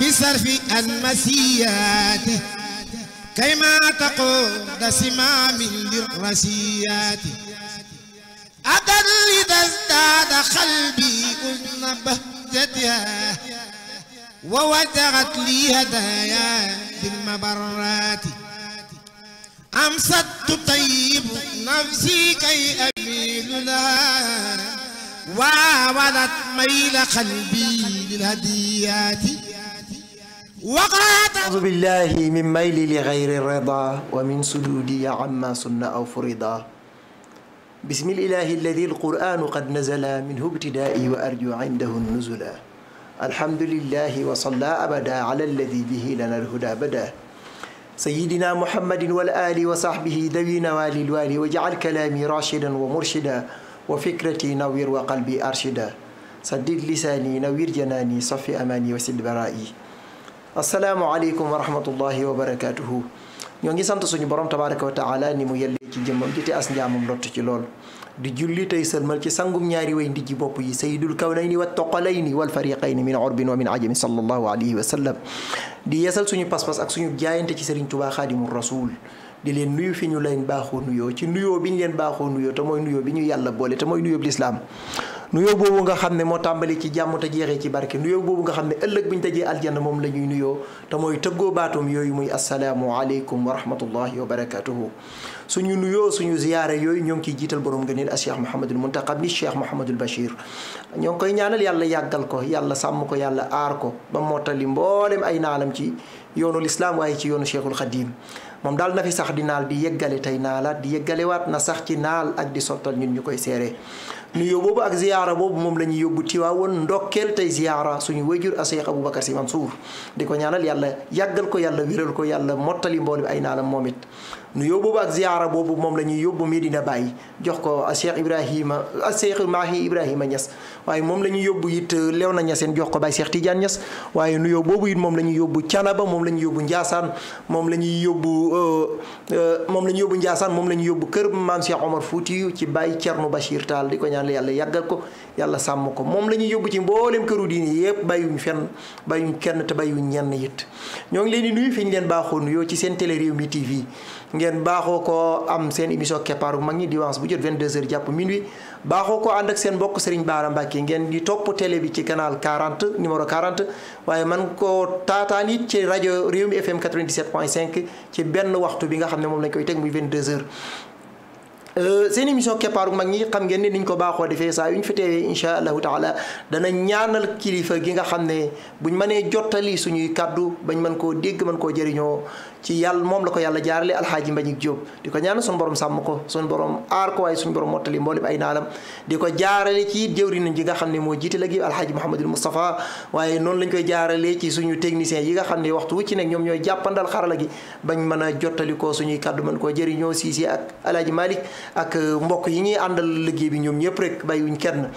بصرف المسيات كيما تقود سمام للرسيات أدل إذا ازداد قلبي أذن بهجتها ووجهت لي هدايا بالمبرات أمست تطيب نفسي كي أميل لها وولت ميل قلبي للهديات أعوذ بالله من ميل لغير الرضا ومن سدودي عما سن أو فرضا بسم الإله الذي القرآن قد نزل منه ابتدائي وأرجو عنده النزلا الحمد لله وصلى أبدا على الذي به لنا الهدى بدا سيدنا محمد والآل وصحبه ذوي نوال الوالي واجعل كلامي راشدا ومرشدا وفكرتي نوير وقلبي أرشدا سدد لساني نوير جناني صفي أماني وسد برائي asalaamualeykum wa rahmatullahi wa barakatuhu ñoo ngi sant suñu borom tabaraka wa taala ni mu yellee ci jëmmam ji te as njaamam lott ci lool di julli tey sëlmal ci sangum ñaari way ndijji bopp yi sayidul kawnayni wa toqalayni wal fariqayni min orbin wa min ajami sallallahu alayhi wa sallam di yesal suñu pas-pas ak suñu jaayante ci Serigne Touba xaadimu rasul di leen nuyu fi ñu leen baaxoo nuyoo ci nuyoo bi ñu leen baaxoo nuyoo te mooy nuyoo bi ñu yàlla boole te mooy nuyoo bi lislaam nuyoo boobu nga xam ne moo tàmbali ci jàmm te jeexee ci barke nuyoo boobu nga xam ne ëllëg bu ñu dajee aljanna moom la ñuy nuyoo te mooy tëggoo baatum yooyu muy asalaamu aleykum wa rahmatullahi wa barakatuhu suñu nuyoo suñu ziyaare yooyu ñoo ngi ciy jiital borom ngëneel a Cheikh Mouhamadul Muntaqa ni Cheikh Mouhamadul Bachir ñoo ngi koy ñaanal yàlla yàggal ko yàlla sàmm ko yàlla aar ko ba mottali mboolem ay naalam ci yoonu lislaam waaye ci yoonu Cheikhul Xadim moom daal na fi sax di naal di yeggale tey naalaat di yeggalewaat na sax ci naal ak di sottal ñun ñu koy seere nuyoo boobu ak ziyaara boobu moom la ñuy yóbbu Tiwaawoon ndokkeel tey ziyaara suñu wayjur a Cheikh Aboubacar Sy Mansour di ko ñaanal yàlla yàggal ko yàlla wéral ko yàlla mottali mboolu ay naalam moom it nuyoo boobu ak ziyaara boobu moom la ñuy yóbbu Medina bàyyi jox ko Cheikh Ibrahima Cheikh Mahi Ibrahima Niass waaye moom la ñuy yóbbu it euh, Léona Niassène jox ko Baye Cheikh Tidiane Niass waaye nuyoo boobu it moom la ñuy yóbbu Thiénaba moom la ñuy yóbbu Ndiassane moom la ñuy yóbbu euh, euh, moom la ñuy yóbbu Ndiassane moom la ñuy yóbbu kër Maam Cheikh Omar Foutiyu ci Baye Thierno Bachir taal di ko ñaan yàlla yàggal ko yàlla sàmm ko moom lañuy yóbbu ci mboolem këru diine yëpp bàyyiwuñ fenn bàyyiwuñ kenn te bàyyiwuñ ñenn it ñoo ngi leen di nuyu fi ñu leen baaxoo nuyoo ci seen télé Rewmi TV ngeen baaxoo ko am seen émission keppaaru mag ñi dimanche bu jot 22h jàpp minuit baaxoo ko ànd ak seen bokk Serigne Bara Mbacké ngeen di topp télé bi ci canal 40 numéro 40 waaye man ko taataan it ci réew Rewmi FM 97.5 ci benn waxtu bi nga xam ne moom lañ koy teg muy 22h. Euh, seen émission keppaaru mag ñi xam ngeen ni niñ ko baaxoo defee saa yu ñu fi teewee incha allahu taala dana ñaanal kilifa gi nga xam ne buñ mënee jottali suñuy kàddu bañ mën koo dégg mën koo jëriñoo ci yàlla moom la ko yàlla jaarale alxaaji Mbagnick Diop di ko ñaanal suñu borom sàmm ko suñu borom aar ko waaye suñu borom mottali mboolem ay naalam di ko jaarale ci jëwriñ ji nga xam ne moo jiite la gi alxaaji Mouhamadul Moustapha waaye noonu lañ koy jaaralee ci suñu technicien yi nga xam ne waxtu ci nekk ñoom ñooy jàppandal xarala gi bañ mën a jottali ko suñuy kàddu mën koo jëriñoo siisi ak alaaji Malik ak euh, mbokk yi ñuy àndal liggéey bi ñoom ñëpp rek bàyyiwuñ kenn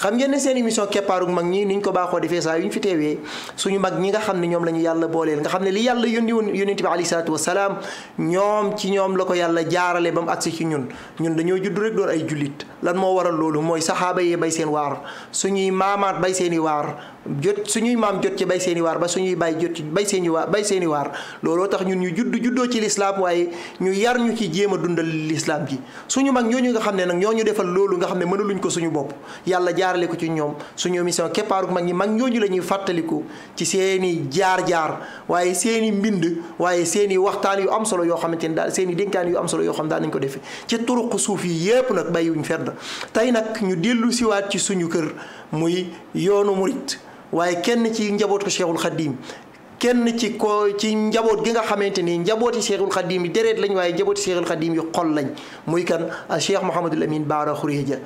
xam ngeen ne seen émission keppaaru mag ñi niñ ko baaxoo defee saa yu ñu fi teewee suñu mag ñi nga xam ne ñoom la ñu yàlla booleel nga xam ne li yàlla yónni woon yónent bi alayhi salaatu wasalaam ñoom ci ñoom la ko yàlla jaarale ba mu agsi ci ñun ñun dañoo judd rek doon ay jullit lan moo waral loolu mooy saxaaba yee bay seen waar suñuy maamaat bay seeni waar jot suñuy maam jot ci bay seeni waar ba suñuy baay jot ci bay seeni waar bay seeni waar looloo tax ñu ñu judd juddoo ci lislaam waaye ñu yar ñu ci jéem a dundal lislaam ji suñu mag ñooñu nga xam ne nag ñooñu defal loolu nga xam ne mënuluñ ko suñu bopp yàlla jaarale ko ci ñoom suñu mission keppaaruk mag ñi mag ñooñu la ñuy fàttaliku ci seeni jaar-jaar waaye seeni mbind waaye seeni waxtaan yu am solo yoo xamante ne daal seeni dénkaan yu am solo yoo xam daan nañ ko defee ci turuq suuf yi yépp nag bàyyiwuñ fedd tey nag ñu dellu siwaat ci suñu kër muy yoonu murit waaye kenn ci njabootu Cheikhul Khadim kenn ci ko ci njaboot gi nga xamante ni njabooti Cheikhul Khadim yi déreet lañ waaye njabooti Cheikhul Khadim yi xol lañ muy kan Cheikh Mouhamadul Amin Baara Khourédia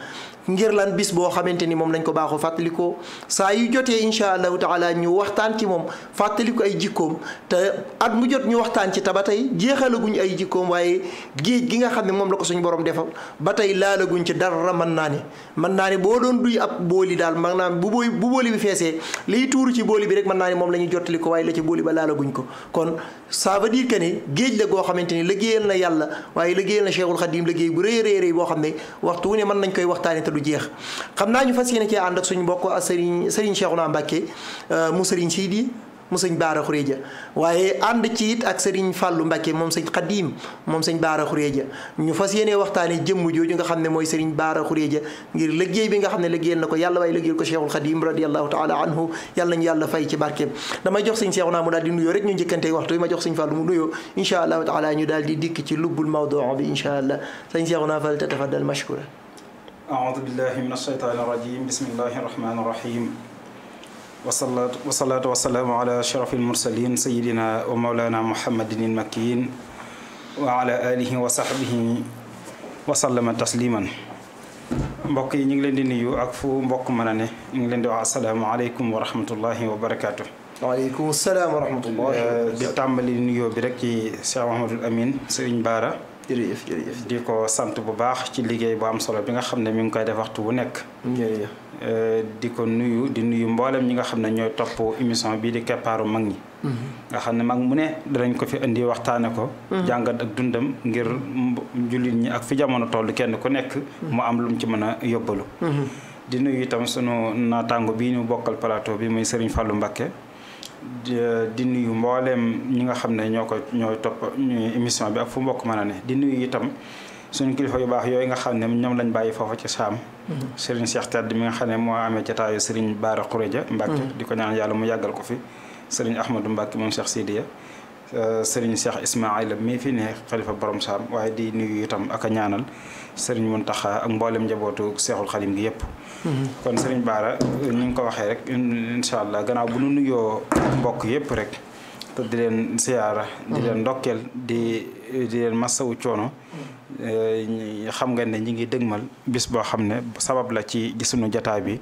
ngir lan bis boo xamante ni moom lañ ko baaxoo fàttalikoo saa yu jotee incha allahu taala ñu waxtaan ci moom fàttaliku ay jikkoom te at mu jot ñu waxtaan ci te ba tey jeexalaguñ ay jikkoom waaye géej gi nga xam ne moom la ko suñu borom defal ba tey laalaguñ ci dara mën naa ne mën naa ne boo doon duy ab booli daal naa bu booy bu booli bi feesee liy tuuru ci booli bi rek mën naa ne moom la ñuy jottali ko waaye la ci booli ba laalaguñ ko kon ça veut dire que ne géej la goo xamante ne liggéeyal na yàlla waaye liggéeyal na Cheikhul Khadim liggéey bu rëy rëy rëy boo xam ne waxtu wu ne mën nañ koy waxtaane te du jeex xam naa ñu fas yéene cee ànd ak suñu mbokk ak Serigne Serigne Cheikhouna Mbacké euh, mu sii di mu sëñ Baara Xuréja waaye ànd ci it ak sëriñ Fàllu Mbàkke moom sëñ Xadiim moom sëñ Baara Xuréja ñu fas yéene waxtaane jëmm jooju nga xam ne mooy sëriñ Baara Xuréja ngir liggéey bi nga xam ne liggéeyal na ko yàlla waaye liggéeyal ko Cheikhul Xadiim radiallahu taala anhu yàlla nañu yàlla fay ci barkeem damay jox sëñ Seexuna mu di nuyoo rek ñu njëkkante waxtu bi ma jox sëñ Fàllu mu nuyoo inchaa allahu taala ñu daal di dikk ci lubbul mawduu bi inchaa allah sëñ Seexuna fal tatafaddal mashkura aoudu billahi min alshaytaani rajim bismillahi rahmani rahim wasalaatu wasalaatu wasalaamu ala ashraf almursalin sayidina wa maulana muhammadin ilmakkiyin wa ala alihi wa sahbihi wa sallama tasliman mbokk yi ñu ngi leen di nuyu ak fu mbokk mën a ne ñu ngi leen di wax asalaamu aleykum wa rahmatullahi wa barakaatu waaleykum salaam wa rahmatullah eh, di tàmbali nuyoo bi rek ci Cheikh Mahamadul Amin Sëriñ Baara jërëjëf di ko sant bu baax ci liggéey bu am solo bi nga xam ne mi ngi koy def waxtu bu nekk. jërëjëf euh, di ko nuyu di nuyu mbooleem ñi nga xam ne ñooy topp émission bii di keppaaru mag ñi. Mm-hmm. nga xam ne mag mu ne danañ ko fi indi waxtaane ko. Mm-hmm. jàngat ak dundam ngir jullit ñi ak fi jamono toll kenn ku nekk. Mm-hmm. mu am lu mu ci mën a yóbbalu. di nuyu itam sunu naataango bii ñu bokkal plateau bi muy Serigne Fallou Mbacké. di nuyu mbooleem ñi nga xam ne ñoo ko ñoo topp émission bi ak fu mbokk mën a ne di nuyu itam suñ kilifa yu baax yooyu nga xam ne ñoom lañ bàyyi foofa ci saam mm-hmm. sëriñ Cheikh Tedd mi nga xam ne moo amee jataayu sëriñ Baara Xuréja Mbàkke mm-hmm. di ko ñaan yàlla mu yàggal ko fi sëriñ Ahmadou Mbàkke moom Cheikh Sidiya Euh, sëriñ Cheikh Ismaïla mii fi ne xalifa borom saam waaye di nuyu itam ak a ñaanal sëriñ tax ak mboolem njabootu Seexul xalim gi yëpp. Mhm. kon sëriñ Baara ni nga ko waxee rek incha allah ganaa bu nu nuyoo mbokk yëpp rek. te di leen siyaara. di leen mhm. ndokkeel di di leen massawu coono. Mhm. Eh, xam nga ne ñi ngi dëgmal bis boo xam ne sabab la ci gisunu jataay bi.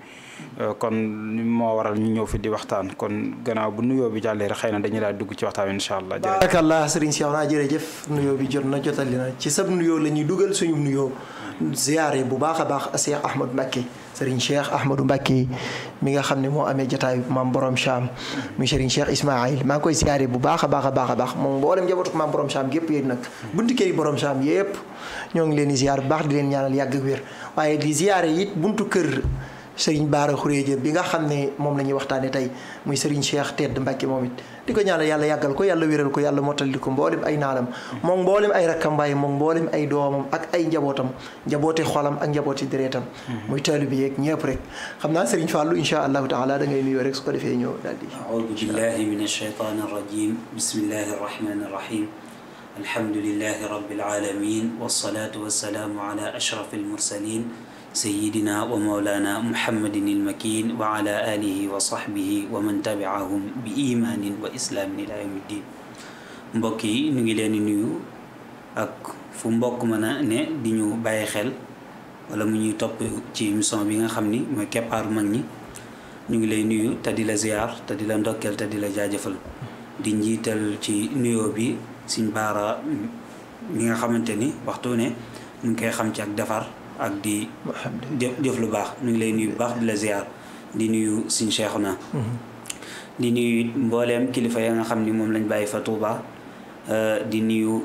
Euh, kon moo waral ñu ñëw fi di waxtaan kon gannaaw bu nuyoo bi jàllee rek xëy na dañu daal dugg ci waxtaan wi incha allah. baarakallah Serigne Cheikhouna jërëjëf nuyoo bi jot na jotali na ci sab nuyoo la ñuy dugal suñu nuyoo ziyaare bu baax a baax Cheikh Ahmadou Mbacké Serigne Cheikh Ahmadou Mbacké mi nga xam ne moo amee jotaayu maam borom Cham muy Serigne Cheikh Ismaïl maa ngi koy ziyaare bu baax a baax a baax a baax moom mboolem njabootu maam borom Cham yëpp yéen nag buntu kër yi borom Cham yëpp ñoo ngi leen di ziyaar bu baax di leen ñaanal yàgg wér waaye di ziyaare it buntu kër sëriñ Baara Khourédia bi nga xam ne moom la ñuy waxtaanee tey muy seriñ Cheikh Tedd Mbacke moom it di ko ñaanal yàlla yàggal ko yàlla wéral ko yàlla mottali ko mboolem ay naalam moom mboolem ay rakkam waaye moom mboolem ay doomam ak ay njabootam njaboote xolam ak njabooti deretam mhm. muy taalibe bi yeeg ñëpp rek xam naa sëriñ Fallou incha allahu taala da ngay nuyoo rek su ko defee ñëw daal di aoudu سيدنا ومولانا محمد المكين وعلى آله وصحبه ومن تبعهم بإيمان وإسلام إلى يوم الدين mbokk yi ñu ngi leen di nuyu ak fu mbokk mën a ne di ñu bàyyi xel wala mu ñuy topp ci émission bi nga xam ni mooy keppaaru mag ñi ñu ngi lay nuyu te di la ziar te di la ndokkeel te di la jaajëfal di njiital ci nuyo bi Sëñ Baara mi nga xamante ni waxtu ne mu ngi koy xam ci ak defar ak di jëf lu baax ñu ngi lay nuyu bu baax di la ziar di nuyu suñu Cheikhouna mm-hmm. di nuyu mbooleem kilifa ya nga xam ni moom lañ bàyyi fa Touba euh, di nuyu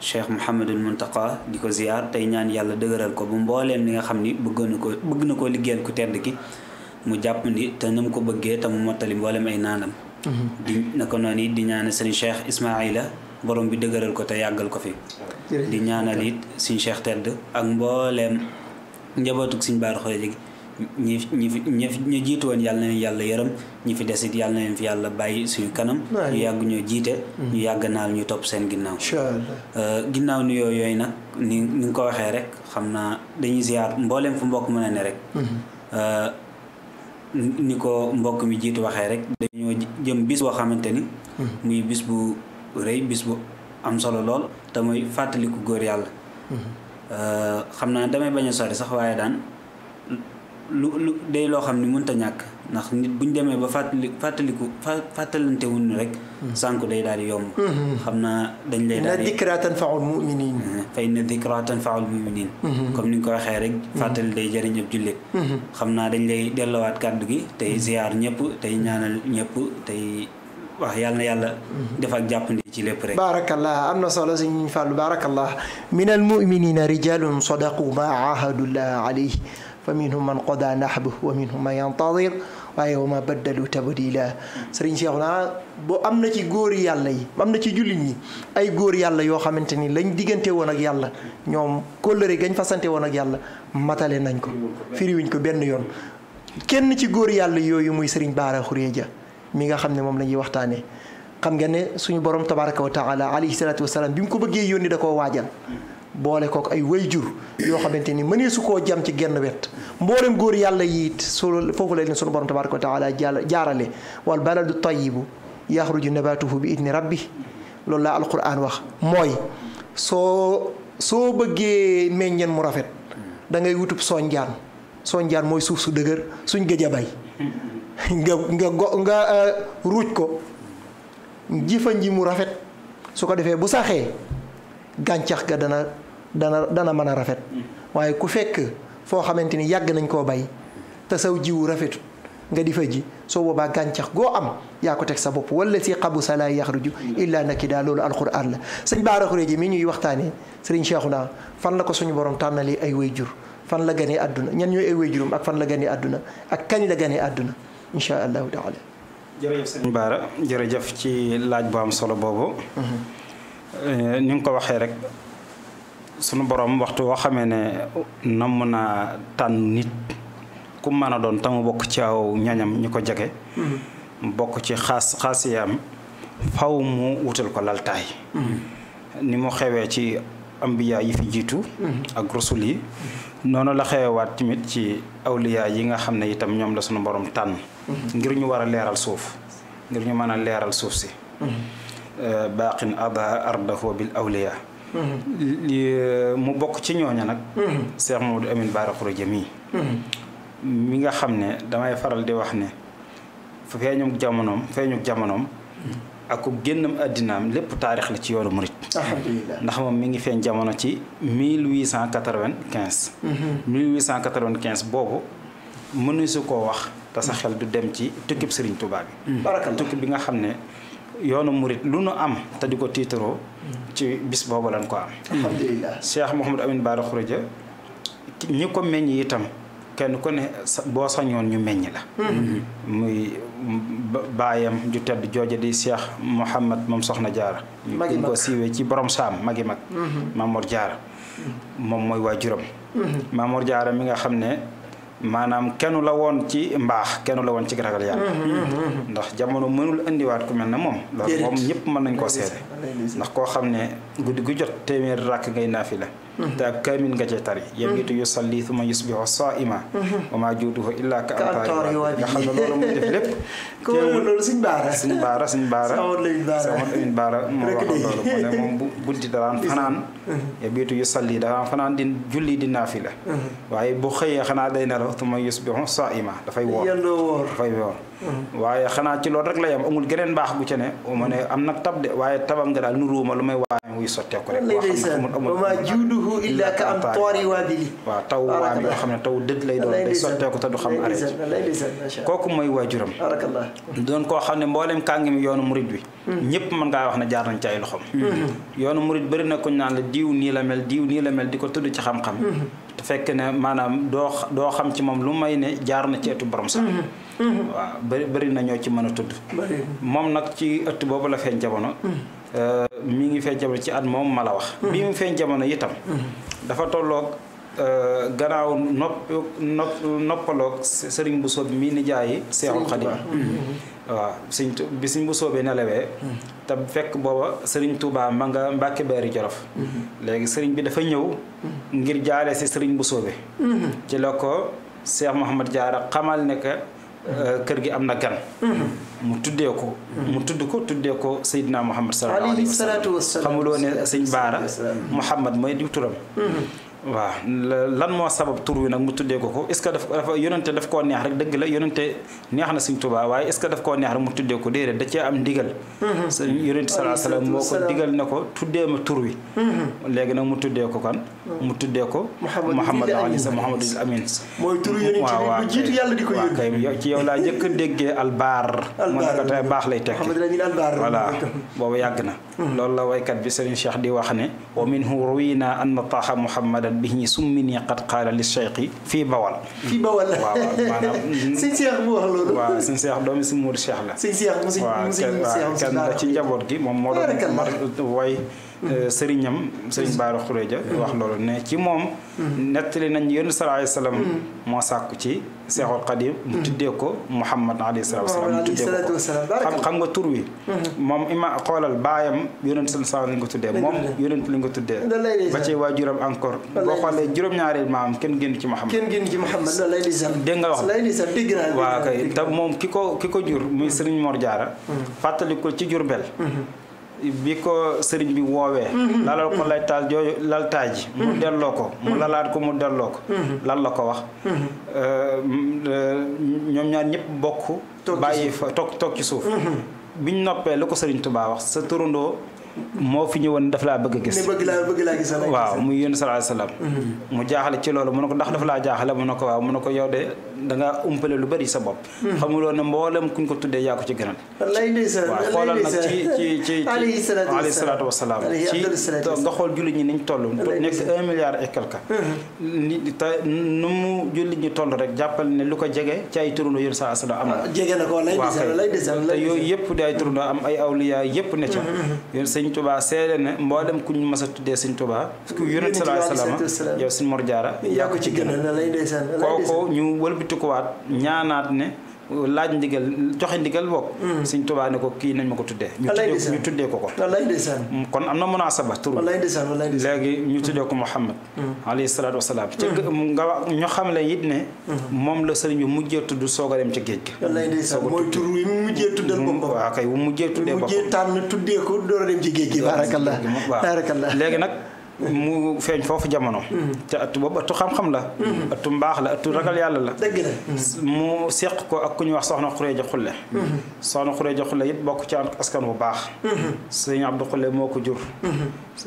Cheikh Mouhamadul Muntaqa di ko ziar tey ñaan yàlla dëgëral ko bu mbooleem li nga xam ni bëgg na ko bëgg na koo liggéen ku tedd ki mu jàpp ni te na mu ko bëggee te mu mottali mbooleem ay naanam mm-hmm. di na ko noonu di ñaan sëriñ Cheikh Ismaila borom bi dëgëral ko te yàggal ko fi di ñaanal it suñ Cheikh Tedd ak mbooleem njabootuk suñ baar xooy gi ñi ñi fi ñu jiitu woon yàlla na leen yàlla yërëm ñi fi desit yàlla na leen fi yàlla bàyyi suñu kanam yàgg ñoo jiite mm-hmm. yàgg naal ñu topp seen ginnaaw euh, ginnaaw nu yooyu yooyu nag ni ni ko waxee rek xam naa dañuy ziar mbooleem fu mbokk mën ne rek mm-hmm. euh, ni ko mbokk mi jiitu waxee rek dañoo jëm bis boo xamante mm-hmm. muy bis bu rëy bis bu am solo lool te muy fàttaliku góor yàlla. Mm-hmm. xam naa damay bañu a sori sax waaye daan lu lu day loo xam ni mënut ñàkk ndax nit bu ñu demee ba fàttali fàttaliku fàttalante wuñu rek. Mm-hmm. sànku day daal di yomb. Mm-hmm. xam naa dañ lay daal di. Eh, fa inna dikraa tanfaul muminin. comme ni nga ko waxee rek. fàttali day ab jullit. xam naa dañ lay dellowaat kàddu gi tey ziar ñëpp tey ñaanal ñëpp tey. waaw yàlla na yàlla def ak jàppandi ci lépp rek baarakallah am na solo sëñ Fallou baarakallah min almuminina rijalun sadaqu ma ahadullah alayh fa minhum man qada nahbu wa minhum man yantadir waaye wa ma baddalu tabdila sëriñ Cheikhouna bu am na ci góor yàlla am na ci jullit ñi ay góor yàlla yoo xamante ni lañ diggante woon ak yàlla ñoom kóllëre gañ fasante woon ak yàlla matale nañ ko firiwuñ ko benn yoon kenn ci góor yàlla yooyu muy sëriñ Baara Xuree mi nga xam ne moom la ñuy waxtaanee xam nga ne suñu borom tabaraka wa taala alayhi salaatu wasalaam bi mu ko bëggee yónni da koo waajal boole kook ay wayjur yoo xamante ni mënee su koo jam ci genn wet mboolem góor yàlla yiit su foofu la leen suñu borom tabaraka wa taala jaarale wal baladu tayibu yaxruju nabatuhu bi it idni rabbi loolu laa la alquran wax mooy soo soo bëggee meññeen mu rafet da ngay wutub soñjaan soñjaan mooy suuf su dëgër suñ gëj a bay nga nga go nga euh, ruuj ko ji fa nji mu rafet su ko defee bu saxee gàncax ga dana dana dana mën a rafet waaye ku fekk foo xamante ni yàgg nañ koo bay te saw jiwu rafetut nga di fa ji soo boobaa gàncax goo am yaa ko teg sa bopp wala si xabu sa laa yaxruju illaa nakidaa loolu alquran la sëñ Baara ji mi ñuy waxtaanee sëriñ naa fan la ko suñu borom tànnali ay way jur fan la ganee àdduna ñenn ñooy ay way jurum ak fan la ganee àdduna ak la ganee àdduna incha allahu taala. jërëjëf sëñ Baara jërëjëf ci laaj bu am solo boobu. Mm-hmm. ni nga ko waxee rek sunu borom waxtu woo xamee ne namm naa tànn nit ku mën a doon tamu bokk ci aw ñañam ñu ko jege. Mm-hmm. bokk ci xaas xaasiyaam faw mu wutal ko laltaay. Mm-hmm. ni mu xewee ci ambiya yi fi jiitu. ak rusul noonu la xewewaat tamit ci awliya yi nga xam ne itam ñoom la sunu borom tànn. ngir ñu war a leeral suuf ngir ñu mën a leeral suuf si mm-hmm. baaqin ada ardahu bil awliya mm-hmm. eh, mu bokk ci ñooña nag Cheikh mm-hmm. Mamadou Amine Bara Khourédia mii mi nga xam ne damay faral di wax ne feeñu jamonoom feeñu jamonoom ak ku génnam àddinaam lépp taarix la ci yoonu murit alhamdulilah ndax moom mi ngi feeñ jamono ci 1895 1895 boobu mënu su koo wax te sa xel du dem ci tukkib Serigne Touba bi. Mm. barakal tukkib bi nga xam ne yoonu murit lu nu am te di ko tiitaroo. Mm. ci bis boobu lañ ko am. Mm. alhamdulilah Cheikh Mouhamadou Amine Bara Khourédia ñi ko meññ itam kenn ku ne boo sañoon ñu meññ la. Mm-hmm. muy baayam ju tedd jooja di Cheikh Mouhamad moom Soxna Jaara. ñu ko siiwee ci borom saam magi mag. Mm-hmm. Mamor Jaara moom mooy waajuram. Mm-hmm. Mamor Jaara mi nga xam ne. maanaam kenn la woon ci mbaax kenn la woon ci ragal yàlla mm-hmm, mm-hmm. ndax jamono mënul indiwaat ku mel na moom loolu moom ñëpp mën nañ koo seede ndax koo xam ne guddi gu jot téeméer ràkk ngay naafi la te ab kaamil nga cee tari yamitu yusalli thumma yusbihu saa'ima mm-hmm. wa maa juuduhu illaa ka antaari nga xam ne loolu muy def lépp ko loolu suñ baara suñ baara suñ baara samat amin baara moo waxoon loolu mu ne moom bu guddi daraan fanaan mm-hmm. yamitu yusalli daraan fanaan di julli di naafila mm-hmm. waaye bu xëyee xanaa day nelaw thumma yusbihu saa'ima dafay woor dafay woor waaye xanaa ci loolu rek la yam amul geneen baax gu ci ne ma ne am nag tab de waaye tabam nga daal nuruuma lu may waaye wuy sotteeku rek wama juuduhu illa ka am toori waabili waaw taw waabi xam ne taw dëgg lay doon day sotteeku te du xam arrêt kooku mooy waajuram doon koo xam ne mboolem kàngi mi yoonu murid bi ñëpp mën ngaa wax na jaar nañ ci ay loxoom. yoonu murit bëri na ko ñu naan la diw nii la mel diw nii la mel di ko tudd ci xam-xam. te fekk ne maanaam doo doo xam ci moom lu may ne jaar na ci ëttu borom sax. Mhm. Mhm. waaw bëri ci mën a tudd. nag ci ëtt boobu la feeñ jamono. Mhm. Euh, mi ngi feeñ jamono ci at moom ma la wax. bi mu feeñ jamono itam. dafa tolloog euh, gannaaw nopp nopp noppaloog sëriñ bu bi mii ni jaayi Seexul Xadim waaw sëñ bi sëñ bu sóobee ne lewee hmm. te fekk booba sëriñ Touba ma nga Mbàkke hmm. léegi sëriñ bi dafa ñëw hmm. ngir jaale si sëriñ bu soobee ci la ko Cheikh Mouhamad Diarra xamal ne que euh, kër gi am na gan mu tuddee ko mu tudd ko tuddee ko Seydina Mouhamad sallallahu alayhi wa sallam xamuloo ne sëñ Baara Mouhamad mooy diw turam waaw lan moo sabab tur wi nag mu tuddee ko ko est-ce que dafa yonente daf koo neex rek dëgg la yonente neex na Sëriñ Tuubaa waaye est-ce que daf koo neex rek mu tuddee ko déedéet da cee am ndigal mm-hmm. sa yonente salaa salaam moo ko digal na ko tuddee ma tur wi mm-hmm. léegi nag mu tuddee ko kan mm-hmm. mu tuddee ko Muhammad Ali sa Muhammadul Amin mooy ci yow laa njëkk a albaar moo naka baax lay tekki voilà boobu yàgg na loolu la waykat bi Sëriñ Cheikh wax ne wa minhu ruwina anna taaha Muhammadan xaalat bihi summini qad qaala li cheikhi fii bawal fii bawal waaw maanaam sëñ Cheikh mu wax loolu waaw sëñ Cheikh doomi si muur Cheikh la sëñ Cheikh mu si mu si waaw kenn la ci njaboot gi moom moo doon way sëriñam sëriñ Baara Xureja wax loolu ne ci moom mm-hmm. nettali nañ yonent sallallahu alayhi wasallam mm-hmm. moo sàkku ci Seexul Xadim mu mm-hmm. tuddee ko Muhammad alayhi salaatu wasalaam mu tuddee ko xam xam nga tur wi moom ima xoolal baayam yonent sa lañ ko tuddee moom yonent lañ ko tuddee ba ci waajuram encore boo xoolee juróom-ñaari maam kenn génn ci Muhammad kenn génn ci Muhammad dégg nga wax waaw kay te moom ki ko ki ko jur muy sëriñ Mor Jaara fàttali ko ci Jurbel bi ko sëriñ bi woowee mhm. lalal ko laytaal jooju laltaaji mu mhm. delloo ko mu mhm. lalaat ko mu delloo ko lan la ko wax euh, ñoom ñaar ñëpp bokk bàyyi fa toog toog ci suuf biñ noppee lu ko sëriñ Tuubaa wax sa turandoo moo fi ñëwoon daf laa bëgg a gis. bëgg laa bëgg laa gis. waaw muy yéen salaay salaam. Mm-hmm. mu jaaxale ci loolu mu ne ndax dafa laa jaaxale mu ne waaw mu ne yow de da ngaa umpale lu bari sa bopp. Mm-hmm. xamuloo ne mboolem kuñ ko tuddee yaa ko ci gënal. wallaahi ndeysaan waaw xoolal nag ci ci ci. alayhi salaatu wa salaam ci nga xool jullit ñi niñ toll. nekk un milliard et quelque. Mm-hmm. ni te nu mu jullit ñi toll rek jàppal ne lu ko jege ci ay turandoo yéen salaay salaam am na. jege na ko wallaahi ndeysaan wallaahi ndeysaan. te yooyu yëpp di ay turandoo am ay awliya yëpp ne ca ñu Touba seede ne mboolem ku ñu mas a tuddee sëñ Touba ku yonent sallallahu alayhi wasallam yow sëñ Mor Diarra yaa ko ci gën a kooku ñu wëlbatikuwaat ñaanaat ne laaj ndigal joxe ndigal boog mm. Sëñ Tuubaa ne ko kii nañ ma ko tuddee ñu tuddee ko ko mm, kon am na munaasaba tur léegi ñu mm. tuddee ko Muhammad alayhi salaatu wasalaam ci nga ñu xam le it ne moom la sëriñ bi mujjee tudd soog a dem ci géej gi soog mooy tur wi mu mujjee tuddal boppam waaw kay wu mujjee tuddee boppam mujjee tànn tuddee ko door a dem gi baarakallah baarakallah léegi nag mu feeñ foofu jamono. te ëttu boobu ëttu xam-xam la. ëttu mbaax la ëttu ragal yàlla la. dëgg la mu seq ko ak ku ñuy wax soxna Xureeja Xulle. soxna Xureeja Xulle yëpp bokk askan bu baax. sëñ Abdou moo ko jur.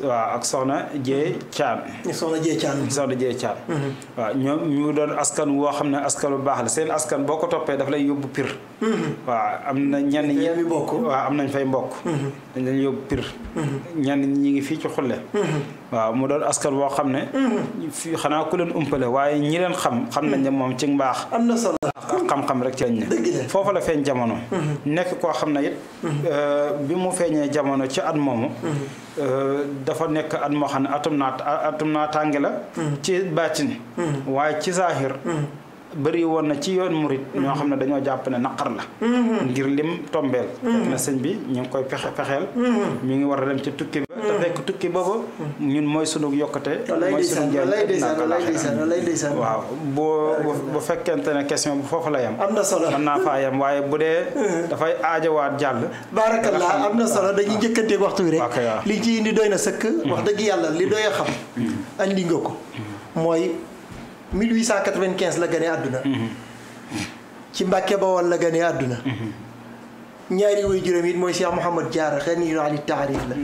waaw ak soxna Jee Caan. soxna Jee Caan. soxna Jee Caan. Mm-hmm. waaw ñoom ñu doon askan woo xam ne askan bu baax la seen askan boo ko toppee daf lay yóbbu pir. Mm-hmm. waaw am na ñenn ñi. Mm-hmm. ñenn ñi bokk waaw fii ci Xulle. waaw mu doon askan woo xam ne. Mm-hmm. fii xanaa ku leen umpale waaye ñi leen xam xam ne moom ci mbaax. am na a xam-xam rek ci lañ ne. foofu la feeñ jamono. Mm-hmm. nekk koo xam ne it. Mm-hmm. Euh, bi mu feeñee jamono ci at moomu. Euh, dafa nekk at moo xam ne atum naa atum naa tànge la. ci baatin. waaye ci zaahir. bëri woon na ci yoon murit ñoo xam ne dañoo jàpp ne naqar la mhm. ngir lim tombeel mhm. na sëñ bi ñu ngi koy fexe fexeel mhm. mi ngi war a dem ci tukki ba te tukki boobu ñun mooy sunu yokkute mooy sunu njëriñ waaw bu bu fekkente ne question bu foofu la yem am na solo mën naa waaye bu dee dafay aajowaat jàll baarakallah am na solo dañuy njëkkanteeg waxtu wi rek li doy na sëkk wax dëgg yàlla li doy xam andi nga ko mooy 1895 la gane àdduna mhm. Mhm. ci Mbàkke Bawol la gane àdduna mhm. ñaari way juróom it mooy Cheikh Mouhamad Diarra xaniyu ali taarif la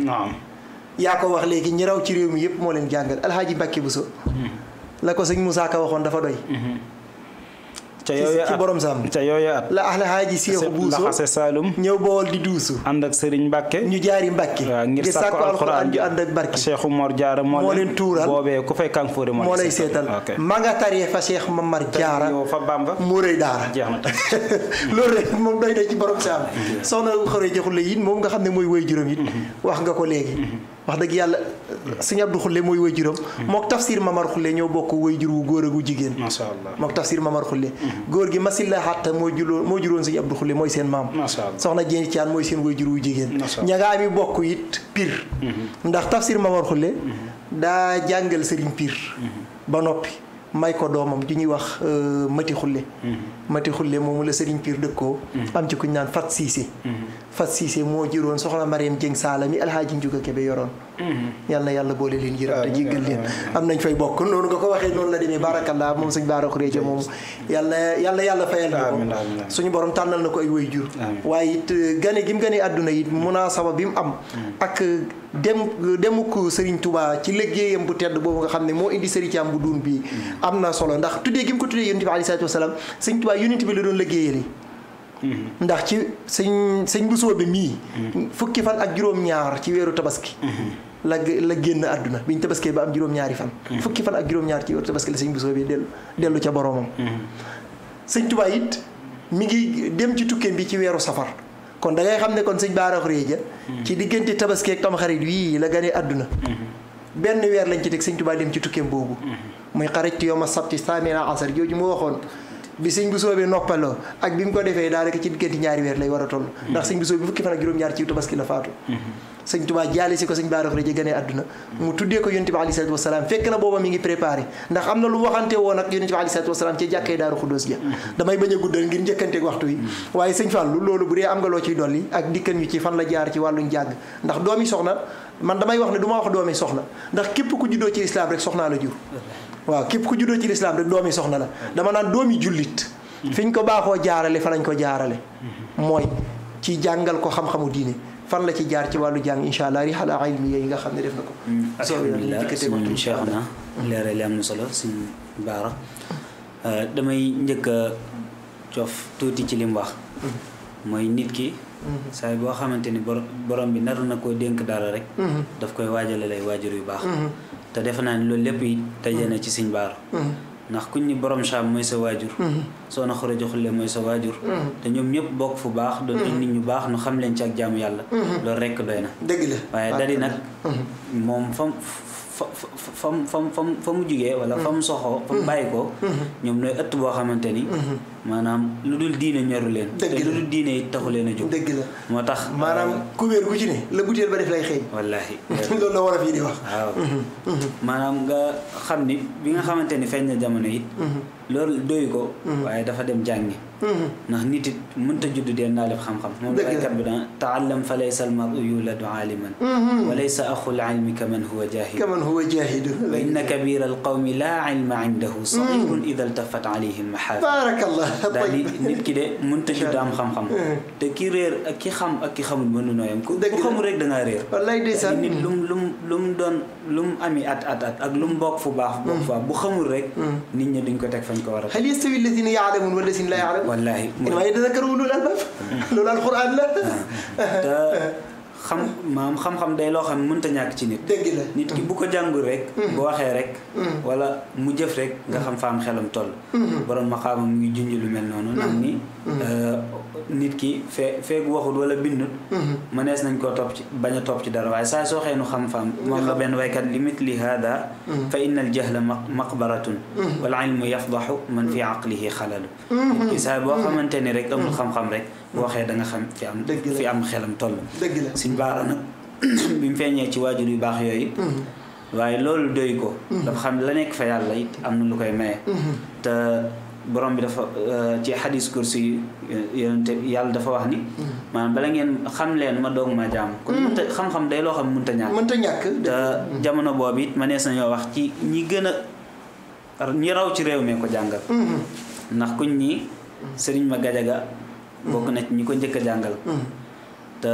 yaa ko wax léegi ñi raw ci réew mi yëpp moo leen jàngal alhaaji Mbàkke Buso la ko sëñ musaa ko waxoon dafa doy ca yooyu at ci borom Sam ca yooyu at la ahla haaji Seexu Buuso laxase Saalum ñëw Bawol di duusu ànd ak Serigne Mbàkke ñu jaari Mbàkke waaw ngir sàkku alxuraan ju ànd ak barke Cheikh Umar Jaara moo leen tuural boobee ku fay kanfoore moo lay seetal ma nga taree fa Cheikh Mamar Jaara fa Bamba mu rëy daara na loolu rek moom doy na ci borom Sam soxna xëre joxul la yit moom nga xam ne mooy woy juróom it mm-hmm. wax nga ko léegi mm-hmm. wax dëgg yàlla sëñ Abdou Xulle mooy way juram mook tafsir Mamar Xulle ñoo bokk way jur wu góor ak wu jigéen macha allah mook tafsir Mamar Xulle mhm. góor gi Masila Hatta moo juloo moo juróon sëñ Abdou Xulle mooy seen maam soxna Jéen mooy seen way jur wu jigéen ña nga ami bokk it pire mhm. ndax tafsir Mamar Xulle mhm. daa jàngal sëriñ pire ba noppi may ko doomam ju ñuy wax euh, mati xulle mati xulle moomu la sëriñ piir dëkkoo am ci kuñ naan fat siise fas siise moo jëroon soxna Mariam Dieng Saalami alhaaji Njuga Kebe yoroon mm-hmm. yal na yàlla boole leen yërëm te jéggal leen am nañ fay bokk noonu nga ko waxee noonu la demee barakallah moom sëñ Baara Xuréja moom yàlla yàlla yàlla fayal ñu ko suñu borom tànnal na ko ay way jur waaye it euh, gane gi mu gane àdduna it munaasaba bi mu am mm. ak euh, dem euh, demuk Serigne Touba ci liggéeyam bu tedd boobu nga xam ne moo indi Serigne Thiam bu duun bii mm. am na solo ndax tuddee gi mu ko tuddee yonent bi alayhi salaatu wasalaam Serigne Touba yonent bi la doon liggéeyal Mm-hmm. ndax ci sëñ sëñ bu soobe mii mm-hmm. fukki fan ak juróom-ñaar ci weeru tabaski mm-hmm. la la génn àdduna bi ñu tabaskee ba am juróom-ñaari fan fukki fan ak juróom-ñaar ci weeru tabaski la sëñ bu soobe dellu dellu ca boroomam sëñ Tuubaa it mi ngi dem ci tukkeem bi ci weeru safar kon da xam ne kon sañ sëñ baarax réeja ci diggante tabaski ak tamxarit yii la ganee àdduna benn weer lañ ci teg sëñ Tuubaa dem ci tukkeem boobu muy xarit yow ma sabti saamina asar jooju mu waxoon bi sëñ bu soobee noppaloo ak bi mu ko defee daanaka ci diggante ñaari weer lay war a toll ndax sëñ bu soobee fukki fan ak juróom-ñaar ci tabaski la faatu sëñ Tuubaa jaale si ko ci jàkkee Daaru Xuddoos ja damay bañ a guddal ngir njëkkanteeg waxtu yi waaye sëñ Fallou loolu bu dee am nga loo ciy dolli ak dikkan ñu ci fan la jaar ci wàlluñ jàng ndax doomi soxna man damay wax ne du wax doomi soxna ndax képp ku juddoo ci islam rek soxnaa la jur waaw képp ku juddoo ci lislaam rek doomi soxna la dama naan doomi jullit fi ñu ko baaxoo jaarale fa lañ ko jaarale mooy ci jàngal ko xam-xamu diine fan la ci jaar ci wàllu jàng incha allah rihala ilmiya yi nga xam ne def na ko. alhamdulilah suñu cheikh na leeral li am solo suñu euh, damay njëkk a coof tuuti ci li mu mooy nit ki. saa boo xamante ni borom bi nar na koo dénk dara rek. Mhm. daf koy waajale lay waajur yu baax. Mhm. te defe naa ni loolu lépp yi daje na ci Sëñ Baara mm-hmm. ndax kuñ ni borom saam mooy sa waajur mm-hmm. soo na xoro joxulee mooy sa waajur mm-hmm. te ñoom ñëpp bokk fu baax doon ay nit ñu baax nu xam leen ci ak jaamu yàlla loolu rekk doy na dëgg la waaye dadi nag moom fam fa fa fa fa mu jugee wala fa mu soxoo fa mu bàyyi ko ñoom nooy ëtt boo xamante ni maanaam lu dul diine ñoru leen te lu dul diine yi taxu leen a jóg dëgg la moo tax maanaam euh, ku wéer ku ci ne la butéel ba def lay xëy wallaahi loolu la war a fii di wax waaw mhm. Mhm. maanaam nga xam ni bi nga xamante ni feeñ na jamono it mhm. loolu doy ko waaye dafa dem jàngi ndax nit it mënut a judd dee ndaale xam-xam. moom kat bi daan taallam fa laysa almaru yuladu aaliman. Mm-hmm. wa laysa axul ilmi kaman huwa jaahidu. kaman huwa jaahidu. wa inna kabira alqawmi laa ilma indahu. sagirun mm-hmm. ida ltafat alayhi almahaafid. baarakallah. daal di nit ki de mënut a judd am xam-xam. Mm-hmm. te ki réer ak ki xam ak ki xamul mënu nooyam. ku xamul rek da ngaa réer. wallaay ndeysaan nit lum lum lum doon lum ami at at at ak lum bokk fu baax. bokk fu baax bu xamul rek. nit ñi duñ ko teg fañ ko war a. hal yastawi alladina yaalamun walladina laa yaalamun wallaahi innama yatazakkaru ulul albaab loolu alxuraan la la ah. te xam maam xam-xam day loo xam ne mënta ñàkk ci nit dëgg la nit ki bu ko jàngul rek mm. bu waxee rek mm. wala mu jëf rek nga xam faam xelam toll mm. borom maqaama mu ngi junj lu mel noonu nag ni Euh, nit ki fee feeg waxut wala bindut mhm. mënees nañ koo topp ci bañ a ci dara waaye saa soo xëy nu xam-xam benn nga benn waykat li mitli hada mhm. fa inna al jahla maqbaratun mhm. wal ilmu yafdaxu man fi aqlihi xalalu nit ki saa boo xamante ni rek amul xam rek boo waxee da nga xam fi am fi am xelam toll suñ baara nag bi mu feeñee ci waajur yu baax yooyu waaye loolu doy ko dafa xam la nekk fa yàlla it am na lu koy maye borom bi dafa euh, ci xadis kursi yi euh, yonente yàlla dafa wax ni mm-hmm. maanaam bala ngeen xam leen ma doog ma jaam kon mm-hmm. mënta xam-xam day loo xam mun ñàkk mënta ñàkk te mm-hmm. jamono boobu it manees sañoo wax ci ñi gën a ñi raw ci réew mi ko jàngal ndax kuñ ni sëriñ ma gajaga bokk na ci ñi ko njëkk a jàngal te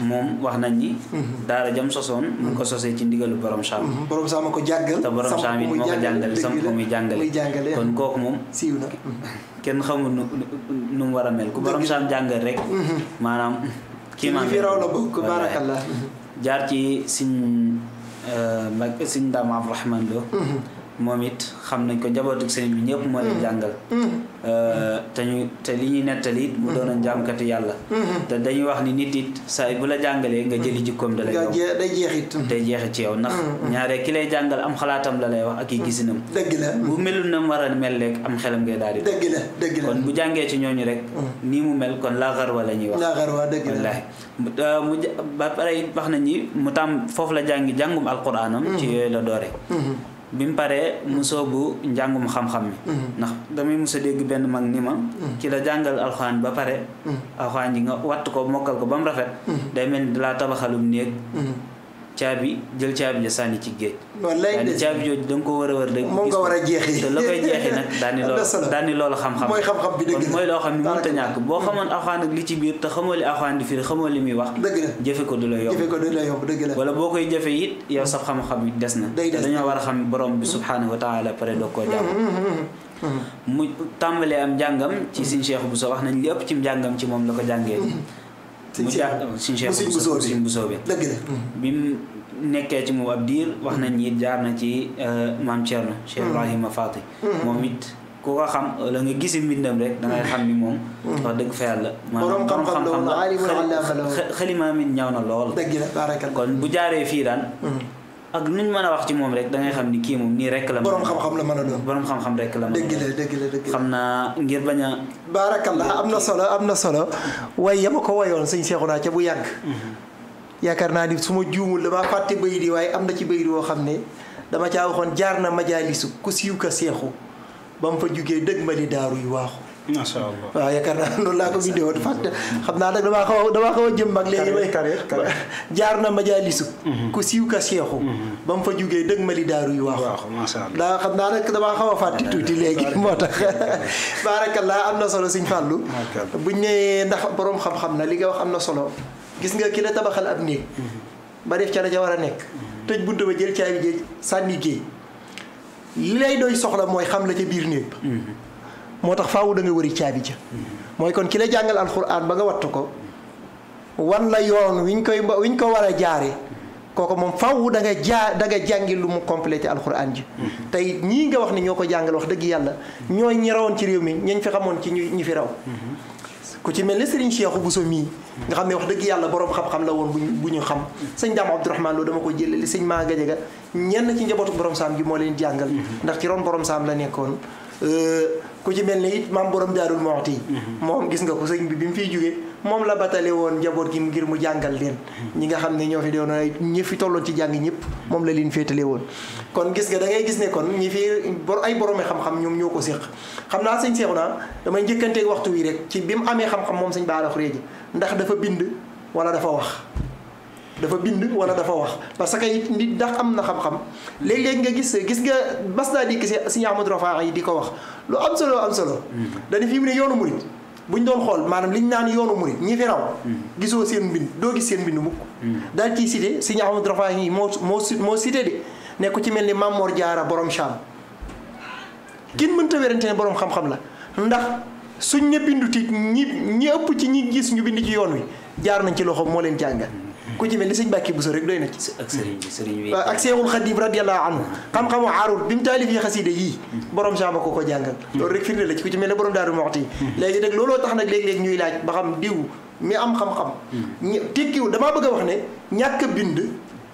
moom wax nañ ni. Mhm. daara jam sosoon. mu ko sosee ci ndigalu borom saam. Mhm. borom saam a ko jàngal. te borom saam it moo ko jàngal ko muy jàngale. kon kooku moom. kenn xamul nu nu mu war a mel ku borom saam jàngal rek. Mhm. maanaam kii maa ngi raw la bokk baarakallah jaar ci siñ euh, mbak siñ daam Abdourahmane moom it xam nañ ko njabootu sëriñ bi ñëpp moo leen mm. jàngal. Mm. Mm. Euh, te ñu te li ñuy nettali it mu doon jaamkati yàlla. te dañuy wax ni nit it saa bu la jàngalee nga jëli jikkoom da lay yow. day jeex day ci yow ndax. ñaare ki lay jàngal am xalaatam la lay wax ak i gisinam. dëgg la bu melul na mu war mel rek am xelam ngay daal di. dëgg dëgg kon bu jàngee ci ñooñu rek. nii mu mel kon laaxarwa la ñuy wax. laaxarwa dëgg la wallaahi mu euh, ba pare wax nañ ni mu tam foofu la jàngi jàngum alquraanam. ci yooyu la bi mu paree mu soobu njàngum xam-xam mi mm-hmm. ndax damay mos a dégg benn mag ni ma ki mm-hmm. la jàngal alxuraan ba pare mm-hmm. alxuraan ji nga watt ko mokkal ko ba mu rafet day mel ni dalaa tabaxalum néeg caabi jël caabi ja sànni ci géej. wallaay de caabi jooju da nga ko war a war a. moom nga war a jeexi te la a jeexi nag daani loolu daani loolu xam-xam. mooy xam-xam bi dëgg mooy loo xam ne mënut a ñàkk boo hmm. xamoon alxuraan ak li ci biir te xamoo li alxuraan di firi xamoo li muy wax. dëgg la ko du la yomb jëfe ko du la yomb dëgg wala boo koy jëfe it yow sa xam-xam yi des na. day dañoo war a xam borom bi subhaanahu wa taala pare doo koo jàpp. Hmm, hmm, mu tàmbalee am njàngam ci Sëriñ Cheikh Bousso wax nañ li ci njàngam ci moom la ko jàngee suñ Cheikh suñ Bousso bi dëgg la mm-hmm. mm-hmm. bi mu nekkee ci moom ab diir wax nañ it jaar na ci euh, maam Thierno Cheikh mm-hmm. Ibrahima Faty moom it ku ko xam la nga gisi mbindam rek dangay xam ni moom wax dëgg fa yàlla borom xam-xam ñaw na lool kon bu jaaree fii daan ak nuñ mën a wax ci moom rek da ngay xam ni kii moom nii rek la. borom xam-xam la mën a doon borom xam-xam rek la. dëgg la dëgg la dëgg la xam naa ngir bañ a. baarakallah am na solo am na solo waaye yama ko wayoon sëñ Seexuna ca bu yàgg. Mhm. yaakaar naa ni su ma juumul damaa fàtte bay di waaye am na ci bay di woo xam ne dama caa waxoon jaar na majaalisu ku siiw ka seexu ba mu fa jugee dëgg ma di daaru yu waaxu macha allah waaw yaakaar naa noonu laa ko bindee woon fàtte xam naa nag damaa xaw a damaa xaw a jëm mag léegi may jaar na majaalisu mhm. ku siiw ka seexu mhm. ba mu fa jugee dëgg mali daaru yu waaxu daa xam naa nag damaa xaw a fàtte tuuti léegi moo tax baarakallah am na solo suñ fàllu buñ ne ndax boroom xam-xam na li nga wax am na solo gis nga ki la tabaxal ab néeg mhm. ba def ca la ca war a nekk tëj buntu ba jël caay bi jël sànni géej li lay doy soxla mooy xam la ca biir néeg moo tax faawu dangay nga wëri caabi ja mooy kon ki la jàngal alxuraan ba nga wattu ko wan la yoon wiñ koy wiñ ko war a jaare kooku moom fawu da nga jaa da jàngi lu mu complété alxuraan ji tey ñii nga wax ni ñoo ko jàngal wax dëgg yàlla ñooy ñi rawoon ci réew mi ñañ fi xamoon ci ñi fi raw ku ci mel ne Serigne Cheikhou Bousso mii nga xam ne wax dëgg yàlla borom xam-xam la woon bu ñu ñu xam sëñ Dame Abdourahmane Lo dama ko jëlali sëñ Maa nga Gajaga ñenn ci njabootu borom saam gi moo leen jàngal ndax ci ron borom saam la nekkoon ku ci mel ni it maam borom daarul yi moom gis nga ko sëñ bi bi mu fiy jógee moom la batale woon njaboot gi ngir mu jàngal leen ñi nga xam ne ñoo fi doon ay ñi fi tolloon ci jàng ñëpp moom la leen féetale woon kon gis nga da ngay gis ne kon ñi fi bor ay boroomi xam-xam ñoom ñoo ko séq xam naa sañ seexu naa damay njëkkanteeg waxtu wi rek ci bi mu amee xam-xam moom sëñ baara ji ndax dafa bind wala dafa wax dafa bind wala dafa wax parce que it nit ndax am na xam-xam léeg-léeg nga gis gis nga bas naa dikk si si Ahmad Rafaay yi di ko wax lu am solo am solo. Hmm. dañu fi mu ne yoonu murit buñ doon xool maanaam liñ naan yoonu murit ñi fi raw. Hmm. gisoo seen mbind doo gis seen mbind mukk hmm. daal ciy cité si Ahmad Rafaay yi moo moo moo cité de nekku ci mel ni Mamor Jaara borom Cham. kin mënta wérante ne xam-xam la ndax suñ ne bindu ti ñi ñi ëpp ci ñi gis ñu bind ci yoon wi jaar nañ ci loxo moo leen jàngal. ku ci mel ni sëñ Mbàkke Buso rek doy na ci. ak sëriñ bi sëriñ bi ak Seexul Xadiim radiyallaahu anhu mm. xam-xamu aarut bi mu taalif yi xasiida yii borom saama ko ko jàngal mm. loolu rek firnde la ci ku ci mel ne borom daaru moxti yi mm. léegi tax nag léeg-léeg ñuy laaj ba xam diw mi am xam-xam tekkiwul damaa bëgg a wax ne ñàkk bind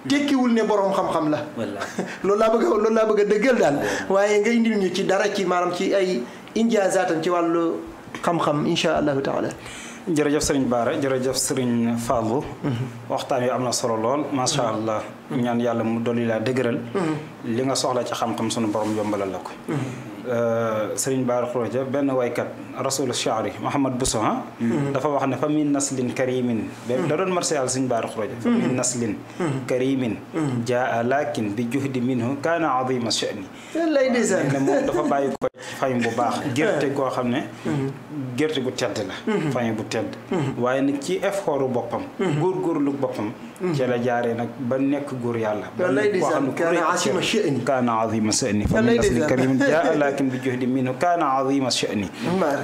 tekkiwul ne borom xam-xam la loolu laa bëgg a loolu bëgg dëggal daal waaye nga indil ñu ci dara ci maanaam ci ay injazaatam ci wàllu xam-xam insha allahu taala jërëjëf sëriñ Baara jërëjëf sëriñ Fallou. waxtaan wi am na solo lool macha allah. ñaan yàlla mu dolli laa dëgëral. Mm-hmm. li nga soxla ci xam-xam sunu borom yombalal la ko. Mm-hmm. Euh, Serigne Bara Khourédia benn waykat rasul shaari Mouhamad Bousso ha hmm. dafa wax ne fa min naslin karimin hmm. da doon marséyal Serigne Bara Khourédia fa min hmm. naslin karimin jaa lakin bi juhdi minhu kaana a sha'ni lay ndeysaan ne moom dafa bàyyi ko fayim bu baax gerte koo xam ne gerte gu tedd la fayim bu nag ci effort boppam góorgóorlu boppam ci la jaaree nag ba nekk góor yàlla ba nekk koo fa min naslin karimin jaa lakin lakin bi juhdi minhu kaana azima sha'ni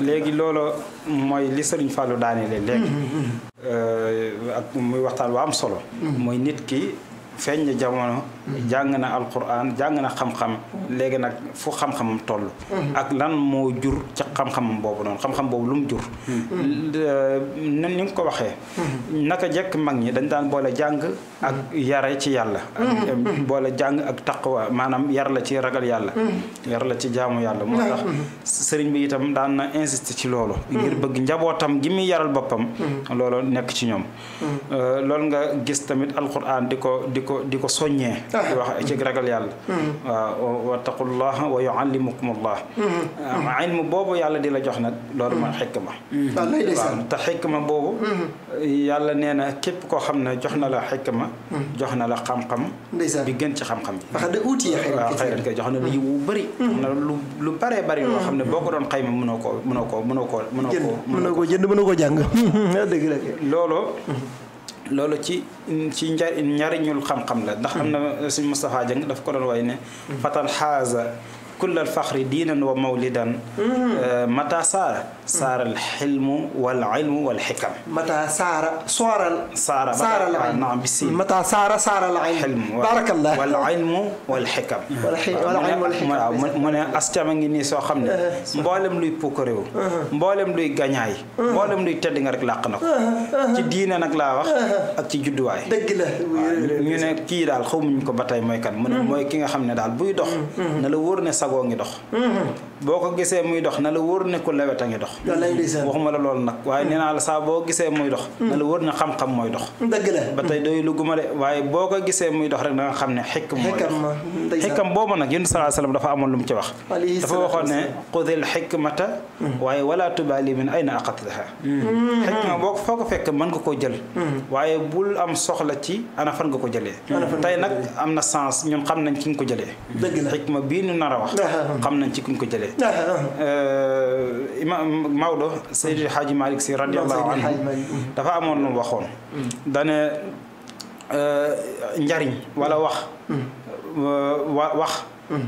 léegi loolu mooy li Sëriñ Fallou daane leen léegi mm-hmm. euh, ak muy waxtaan bu am solo mm-hmm. mooy nit ki feeñ na jamono mm-hmm. jàng na alquran jàng na xam-xam mm-hmm. léegi nag fu xam-xamam toll mm-hmm. ak nan moo jur ci xam-xamam boobu noonu xam-xam boobu lu mu jur nan euh, ni ko waxee naka jekk mag ñi dañ daan boole jàng ak yare ci yàlla boole jàng ak taqwa maanaam yar la ci ragal yàlla yar la ci jaamu yàlla moo tax sëriñ bi itam daan na insisté ci loolo ngir bëgg njabootam gi muy yaral boppam loolu nekk ci ñoom euh, loolu nga gis tamit alquran di di ko di ko soññee ah. di wax ci ragal yàlla hmm. waaw wattaqullaha wa yuallimukumullah hmm. ah, ilmu boobu yàlla di la jox nag loolu mooy hmm. xikma a te xikma boobu yàlla nee na képp koo xam ne jox na la xikma jox na la xam-xam bi gën ci xam-xam bi waaw xayran kay jox na la yiw wu bëri na lu lu bëree bëri loo xam ne boo ko doon xayma mënoo koo mënoo koo mënoo koo mënoo koo mënoo koo jàng dëgg loolu ci ci njariñul xam-xam la ndax am na mm-hmm. suñ Moustapha Dieng daf ko doon way ne mm-hmm. fatal xaaza kullal faxri diinan wa mawlidan mm-hmm. euh, mata saara saara alxilmu wal ilmu wal xikam. mataa saara. sooral. saara saara la ay naam bisi. mataa saara saara ay. xilmu baarakallah wal ilmu wal xikam. wal ilmu wal xikam waaw mu ne ascama ngi nii soo xam ne. Uh-huh. mboolem luy pukkarew. Uh-huh. mboolem luy gañaay. Uh-huh. mboolem luy tedd nga rek làq na ko. ci diine nag laa wax. ak ci judduwaay. dëgg la ñu ne kii daal xawmuñ ko ba tey mooy kan. mu ne mooy ki nga xam ne daal buy dox. na la wóor ne sagoo ngi dox. boo ko gisee muy dox na la wóor ne ku lewet ngi dox. waxuma la loolu nag waaye nee naa la saa boo gisee muy dox mm. na la wër na xam-xam mooy dox dëgg la ba tey doy lu guma de waaye boo ko gisee muy dox rek da nga xam ne xikam mooy dox xikam boobu nag yéen salaa salaam dafa amoon lu mu ci wax dafa waxoon ne xudil xikmata mm. waaye wala tubaali min ayna aqatlaha mm. xikma boo ko foo ko fekk mën nga koo jël waaye bul am soxla ci ana fan nga ko jëlee tey nag am na sens ñun xam nañ ci nga ko jëlee dëgg la xikma bii ñu nar a wax ah, ah, ah. xam nañ ci kuñ ko jëlee euh, Maodo Seydi Hadji Malick Sy radiyallahu anhu mm. dafa amoon lu waxoon mm. dane euh, njariñ walla wax mm. euh, wa wax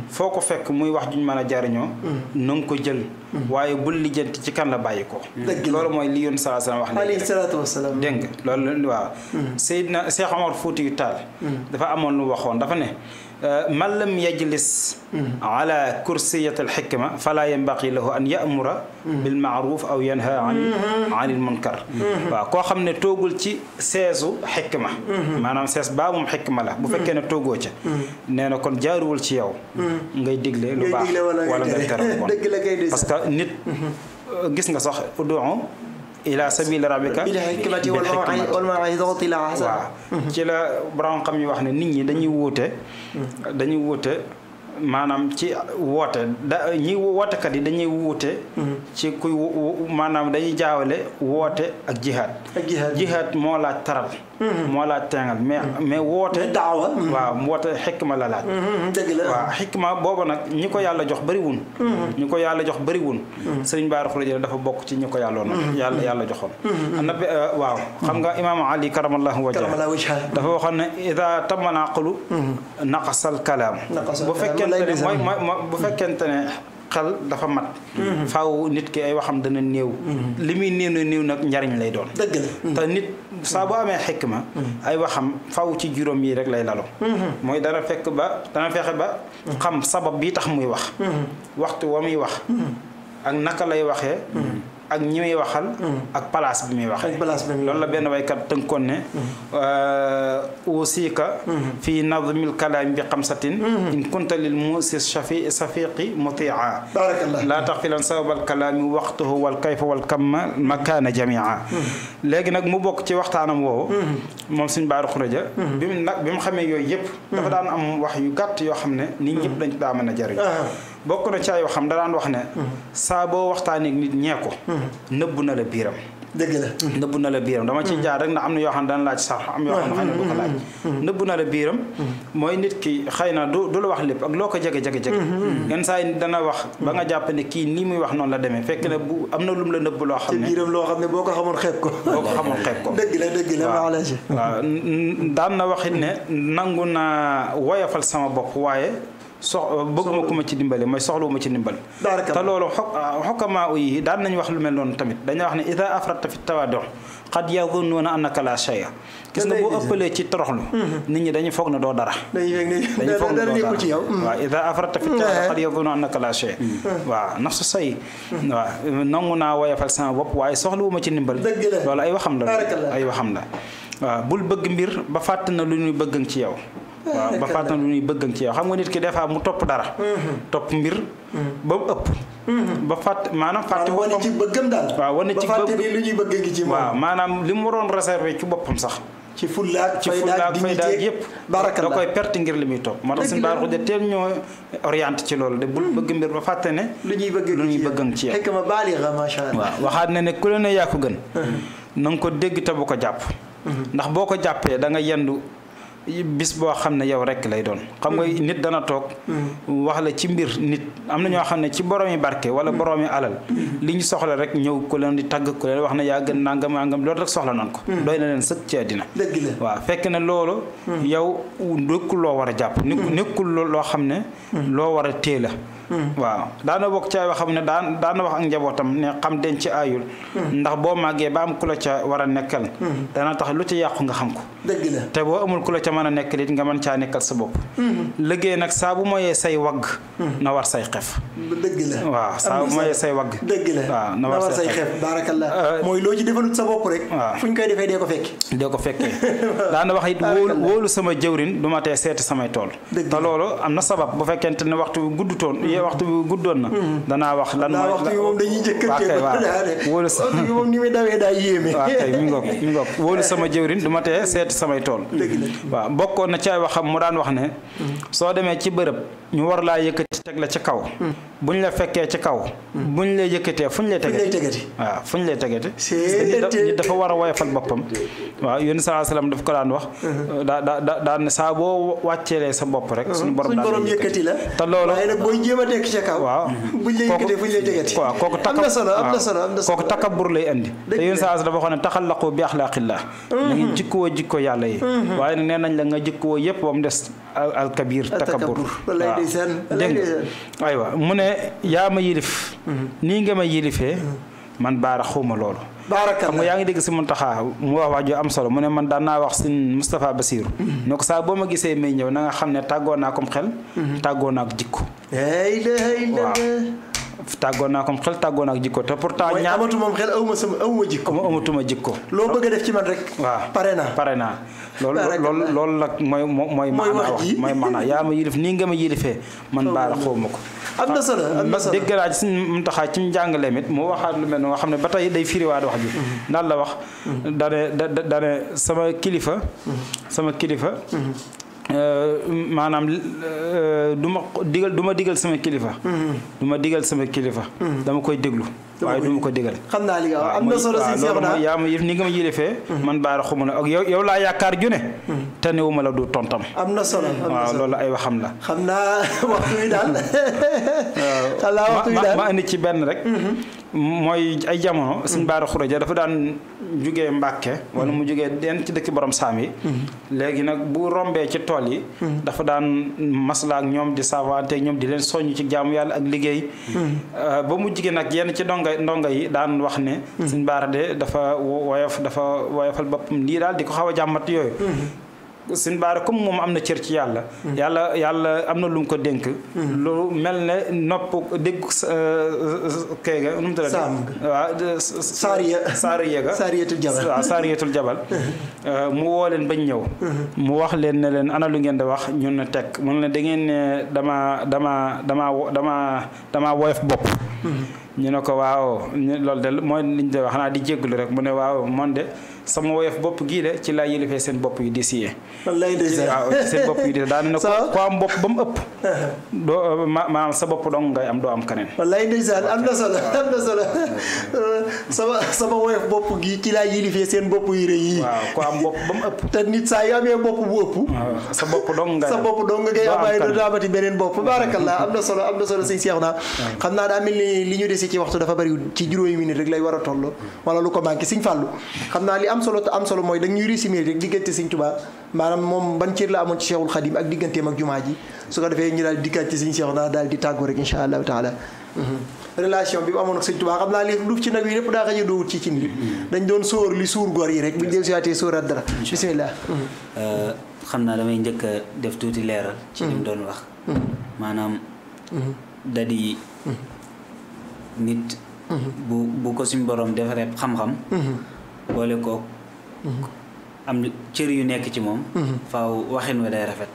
foo ko fekk muy wax juñ mën a jariñoo na nga ko jël waaye bu lijjanti ci kan la bàyyi ko loolu mooy li yoon salaa salaam wax na alayhi salaatu wasalaam dégg nga loolu waaw Seydina Cheikh dafa amoon lu waxoon dafa ne Euh, man lam yajlis mm-hmm. ala kursiyat alxikma fala yambaqi lahu an yamura mm-hmm. bil maaruf aw yanha an mm-hmm. anil munkar waaw koo xam ne toogul ci seesu xikma maanaam sees baa moom xikma la bu fekkee ne toogoo ca nee na kon jaaruwul ci yow ngay digle lu baax wala ngay tere bon parce que nit gis nga sax udoo ila sabili rabbika bil hikmati wal maw'izatil hasana waaw ci la wax ne nit ñi dañuy wuute dañuy wuute maanaam ci woote da woote kat yi dañuy wuute mm-hmm. ci kuy maanaam dañuy jaawale woote ak jihaad jihaad moo laaj tarab mm-hmm. moo laaj teengal mais mm-hmm. mais woote daawa waaw woote xikma la laaj dëgg la waaw xikma booba nag ñi ko yàlla jox bëriwun ñi ko yàlla jox bari bëriwun sëriñ Bara Xuréja dafa bokk ci ñi ko yàlloon yàlla yàlla joxoon na euh, waaw xam nga imaam Ali karamallahu wajha dafa waxoon ne ida tamman aqlu naqasal kalaam bu fekkee mooy mooy bu fekkente ne xel dafa mat. Mm-hmm. faaw nit ki ay waxam dana néew. Mm-hmm. li muy néew na néew nag njariñ lay doon. dëgg la mm-hmm. te nit saa boo amee xikma. ay waxam faaw ci juróom yi rek lay lalo. mooy dana fekk ba dana fexe ba. xam sabab bi tax muy wax. waxtu wa muy wax. ak naka lay waxee. ak ñi may waxal. Mm-hmm. ak place bi muy waxee. ak place bi muy loolu la benn waykat tënkoon ne. Mm-hmm. Euh, usiika. Mm-hmm. fii nadmil kalaam bi xamsatin. in kunta lil muusi shafi safiqi mutia. baarakallah laa taxfilan sababal kalaami waxtuhu wal kayfa wal kamma makaana jamia. léegi nag mu bokk ci waxtaanam woowu. moom suñu baaru xuraja. bi mu nag bi mu xamee yooyu yëpp. dafa daan am wax yu gàtt yoo xam ne. nit ñëpp dañ daa mën a jariñ. Ah. bokk na ca yoo xam daraan wax ne. saa boo waxtaanee nit ñee ko. nëbbu na la biiram. dëgg la nëbbu na la biiram dama ci jaar rek ndax am na yoo xam ne daan laaj sax nëbbu na la biiram mooy nit ki xëy na du du la wax lépp ak loo ko jege jege jege saa yi dana wax ba nga jàpp ne kii nii muy wax noonu la demee fekk na bu am na lum la nëbbu loo xam ne ci biiram loo xam ne boo ko xamoon xeeb ko boo ko ko dëgg la dëgg la waaw daan na waxit ne nangu naa woyafal sama bopp waaye sox uh, bëgguma ku ma ci dimbale mooy soxlawuma ci dimbal te loolu xokkamaa uh, u yi daan nañu wax lu mel noonu tamit dañuy wax ne ida afrata fi tawaadu xad yadunnuuna annaka la shay'a gis nga boo ëppalee ci toroxlu mm-hmm. nit ñi dañuy foog na doo dara dañuy foog na doo dara waaw ida afrata fi tawaadu xad mm-hmm. yadunnuuna annaka la shay'a mm-hmm. waaw bopp waaye soxlawuma ci dimbal loolu ay waxam la ay waxam bul bëgg mbir ba fàtt na lu ñu bëgg ci yow waaw ba fàttan lu ñuy bëgg ci yow mm-hmm. ba mu ëpp mm-hmm. ba fàtt maanaam fàtte wane ci bëggam daal waaw wane li mu waroon réservé ci boppam sax ci fullaak ci fullaak fayda yëpp da koy perte ngir li muy topp moo tax suñu baax de ñoo orienté ci loolu de bul mm-hmm. bëgg mbir ba fàtte ne lu ñuy bëgg lu ci yow ma baaliga macha allah waaw waxaat na ne ku le yaa ko gën na ko dégg te bu ko jàpp ndax boo ko jàppee da yendu bis boo xam ne yow rek lay doon xam nga mm-hmm. nit dana toog mm-hmm. wax la ci mbir nit am na ñoo xam ne ci boroomi barke wala mm-hmm. boroomi alal li ñu soxla rek ñëw ku leen di tagg ku leen wax na yaa gën nangam nangam loolu rek soxla nan ko doy na leen sëkk ci àddina dëgg fekk na loolu yow nekkul loo war a jàpp nekkul loo xam ne loo war a téye la waaw daana bokk ca yoo xam ne daan daana wax ak njabootam ne xam denc aayul ndax boo màggee ba am ku la ca war a nekkal dana tax lu ci yàqu nga xam ko dëgg te boo amul ku la ca mën a nekkal it nga mën caa nekkal sa bopp liggéey nag saa bu moyee say wagg na war say xef dëgg la waaw saa bu say wagg dëgg la waaw na war say xef baarakallah euh, mooy loo ci defalut sa bopp rek waaw fu ñu koy defee dee ko fekki dee ko fekkee daana wax it wóolu wóolu sama jëwrin du ma tee seeti samay tool te loolu am na sabab bu fekkente ne waxtu gudd toon hmm. fekkee waxtu guddoon na. Hmm. dana wax lan mooy. waxtu bi moom dañuy jëkkante ba wóolu sa waxtu bi dawee daa yéeme. waaw kay mi sama jëwrin du ma tee seeti samay tool. waaw bokkoon na ci ay waxam mu daan wax ne. Hmm. soo demee ci bërëb ñu war laa yëkkati teg la ca kaw. Hmm. bu ñu la fekkee ci kaw. bu ñu lay yëkkatee fu ñu lay tegati waaw fu ñu lay tegati. c' dafa war a fal boppam. waaw yéen saa mu daf ko daan wax. Uh-huh. daa daa daan ne saa boo wàccee wàcceelee sa bopp rek. Uh-huh. suñu borom daan yëkkati la. te loolu waaye booy jéem a nekk ca kaw. waaw bu kooku takka am na solo am na solo am na solo kooku takabur lay andi. te yéen saa dafa waxoon ne taxallaqu bi axlaaqillah. Uh-huh. ñu jikko yàlla yi. waaye nee nañ la nga jikkoo yëpp ba mu des alkabir takabur walaay ndeysaan walaay ndeysaan aywa mu ne yaa ma yilif mhm. nii nga ma yilifee mhm. man baara xawma loolu xam nga yaa ngi dégg si taxa mu wax waajoo am solo mu ne man daan naa wax si Moustapha Bassirou mhm. ne ko saa boo ma gisee may ñëw na nga xam ne tàggoo naa kom xel tàggoo naa ko waaw tàggoon naa comme xel tàggoon jikko te pourtant. ñaar amatu moom xel awuma sama awuma jikko. loo bëgg a def ci man rek. waaw pare naa pare naa. nag mooy mooy. mooy wax ji mooy maanaam yaa ma yilif nii nga ma yilifee man baara xawma ko. am na solo am na solo dégg naa ci mu taxaa ci njàngaleem it mu waxaat lu mel ne nga xam ne ba tey day firiwaat wax ji. ndax mm-hmm. la wax. Mm-hmm. dane dane sama kilifa. Mm-hmm. sama kilifa. Euh, maanaam euh, du ma digal du digal sama kilifa. du ma digal sama kilifa. Mm-hmm. Mm-hmm. dama koy déglu. waaye du ko digal. am ah. ni nga ma yilifee. Mm-hmm. man baara xumu ak yow laa yaakaar ju ne. te tanewuma la du tontam. am na solo waaw loolu ay waxam la. xam naa waxtu wi daal. xam naa waxtu wi daal ma indi ci benn rek. Mhm. mooy ay jamono. Mhm. suñ baara xuraja dafa daan jugee Mbàkke. wala mu mhm. jugee den ci borom saam léegi nag bu rombee ci tool yi. dafa daan maslaa ñoom di savante ñoom di leen soññ ci jaamu yàlla ak liggéey. Euh, ba mu jigéen nag yenn ci ndonga ndonga yi daan wax ne. suñ de dafa woyof dafa woyofal boppam lii daal di ko xaw a jàmmat yooyu. sëñ Baara comme moom am na cër ci yàlla. yàlla am na lu mu ko dénk. lu mel ne nopp dégg kay ga nu mu tuddati. waaw saariya saariya ga saariyatul jabal waaw saariyatul jabal. Euh, mu woo leen bañ ñëw. mu wax leen ne leen ana lu ngeen di wax ñun ne tekk mu ne da ngeen ne dama dama dama dama dama woyof bopp. Hmm. ñu ne ko waaw loolu de mooy liñ wax xanaa di jégglu rek mu ne waaw man de sama woyof bopp gii de ci laa yëlifee seen bopp yu di siyee waaw seen bopp yu di daa ne ko ko am bopp ba mu ëpp doo euh, maanaam sa bopp dong ngay am doo am keneen wallaay ndeysaan am na solo am na solo euh, sama sama bopp gii ci laa yëlifee seen bopp yu yi waaw am bopp ba mu te nit saa amee bopp bu ëpp sa bopp dong nga sa bopp dong ngay am ay doo amati beneen bopp baarakallah am na solo am na solo sëñ Cheikh naa xam naa daa mel ni li ñu desi ci waxtu dafa bari ci juróomi minute rek lay war a toll wala lu ko manqué Sëñ Fallou xam naa li am solo te am solo mooy da ñuy résumer rek diggante Sëñ Touba maanaam moom ban cër la amoon ci Cheikhul Khadim ak digganteem ak jumaa ji su ko defee ñu daal dikkaat ci Sëñ Cheikh daal di tàggoo rek incha allahu taala mhm. relation bi mu amoon ak Sëñ Touba xam naa li duuf ci nag yi lépp daa xëj a doowut ci cin bi dañ doon sóor li suur góor yi rek bu ñu jël siwaatee sóoraat dara bismillah mhm. euh, xam naa damay njëkk a def tuuti ci li mu mhm. doon da di nit bu bu ko suñ borom defaree xam-xam boole ko am cër yu nekk ci moom faaw waxin wa day rafet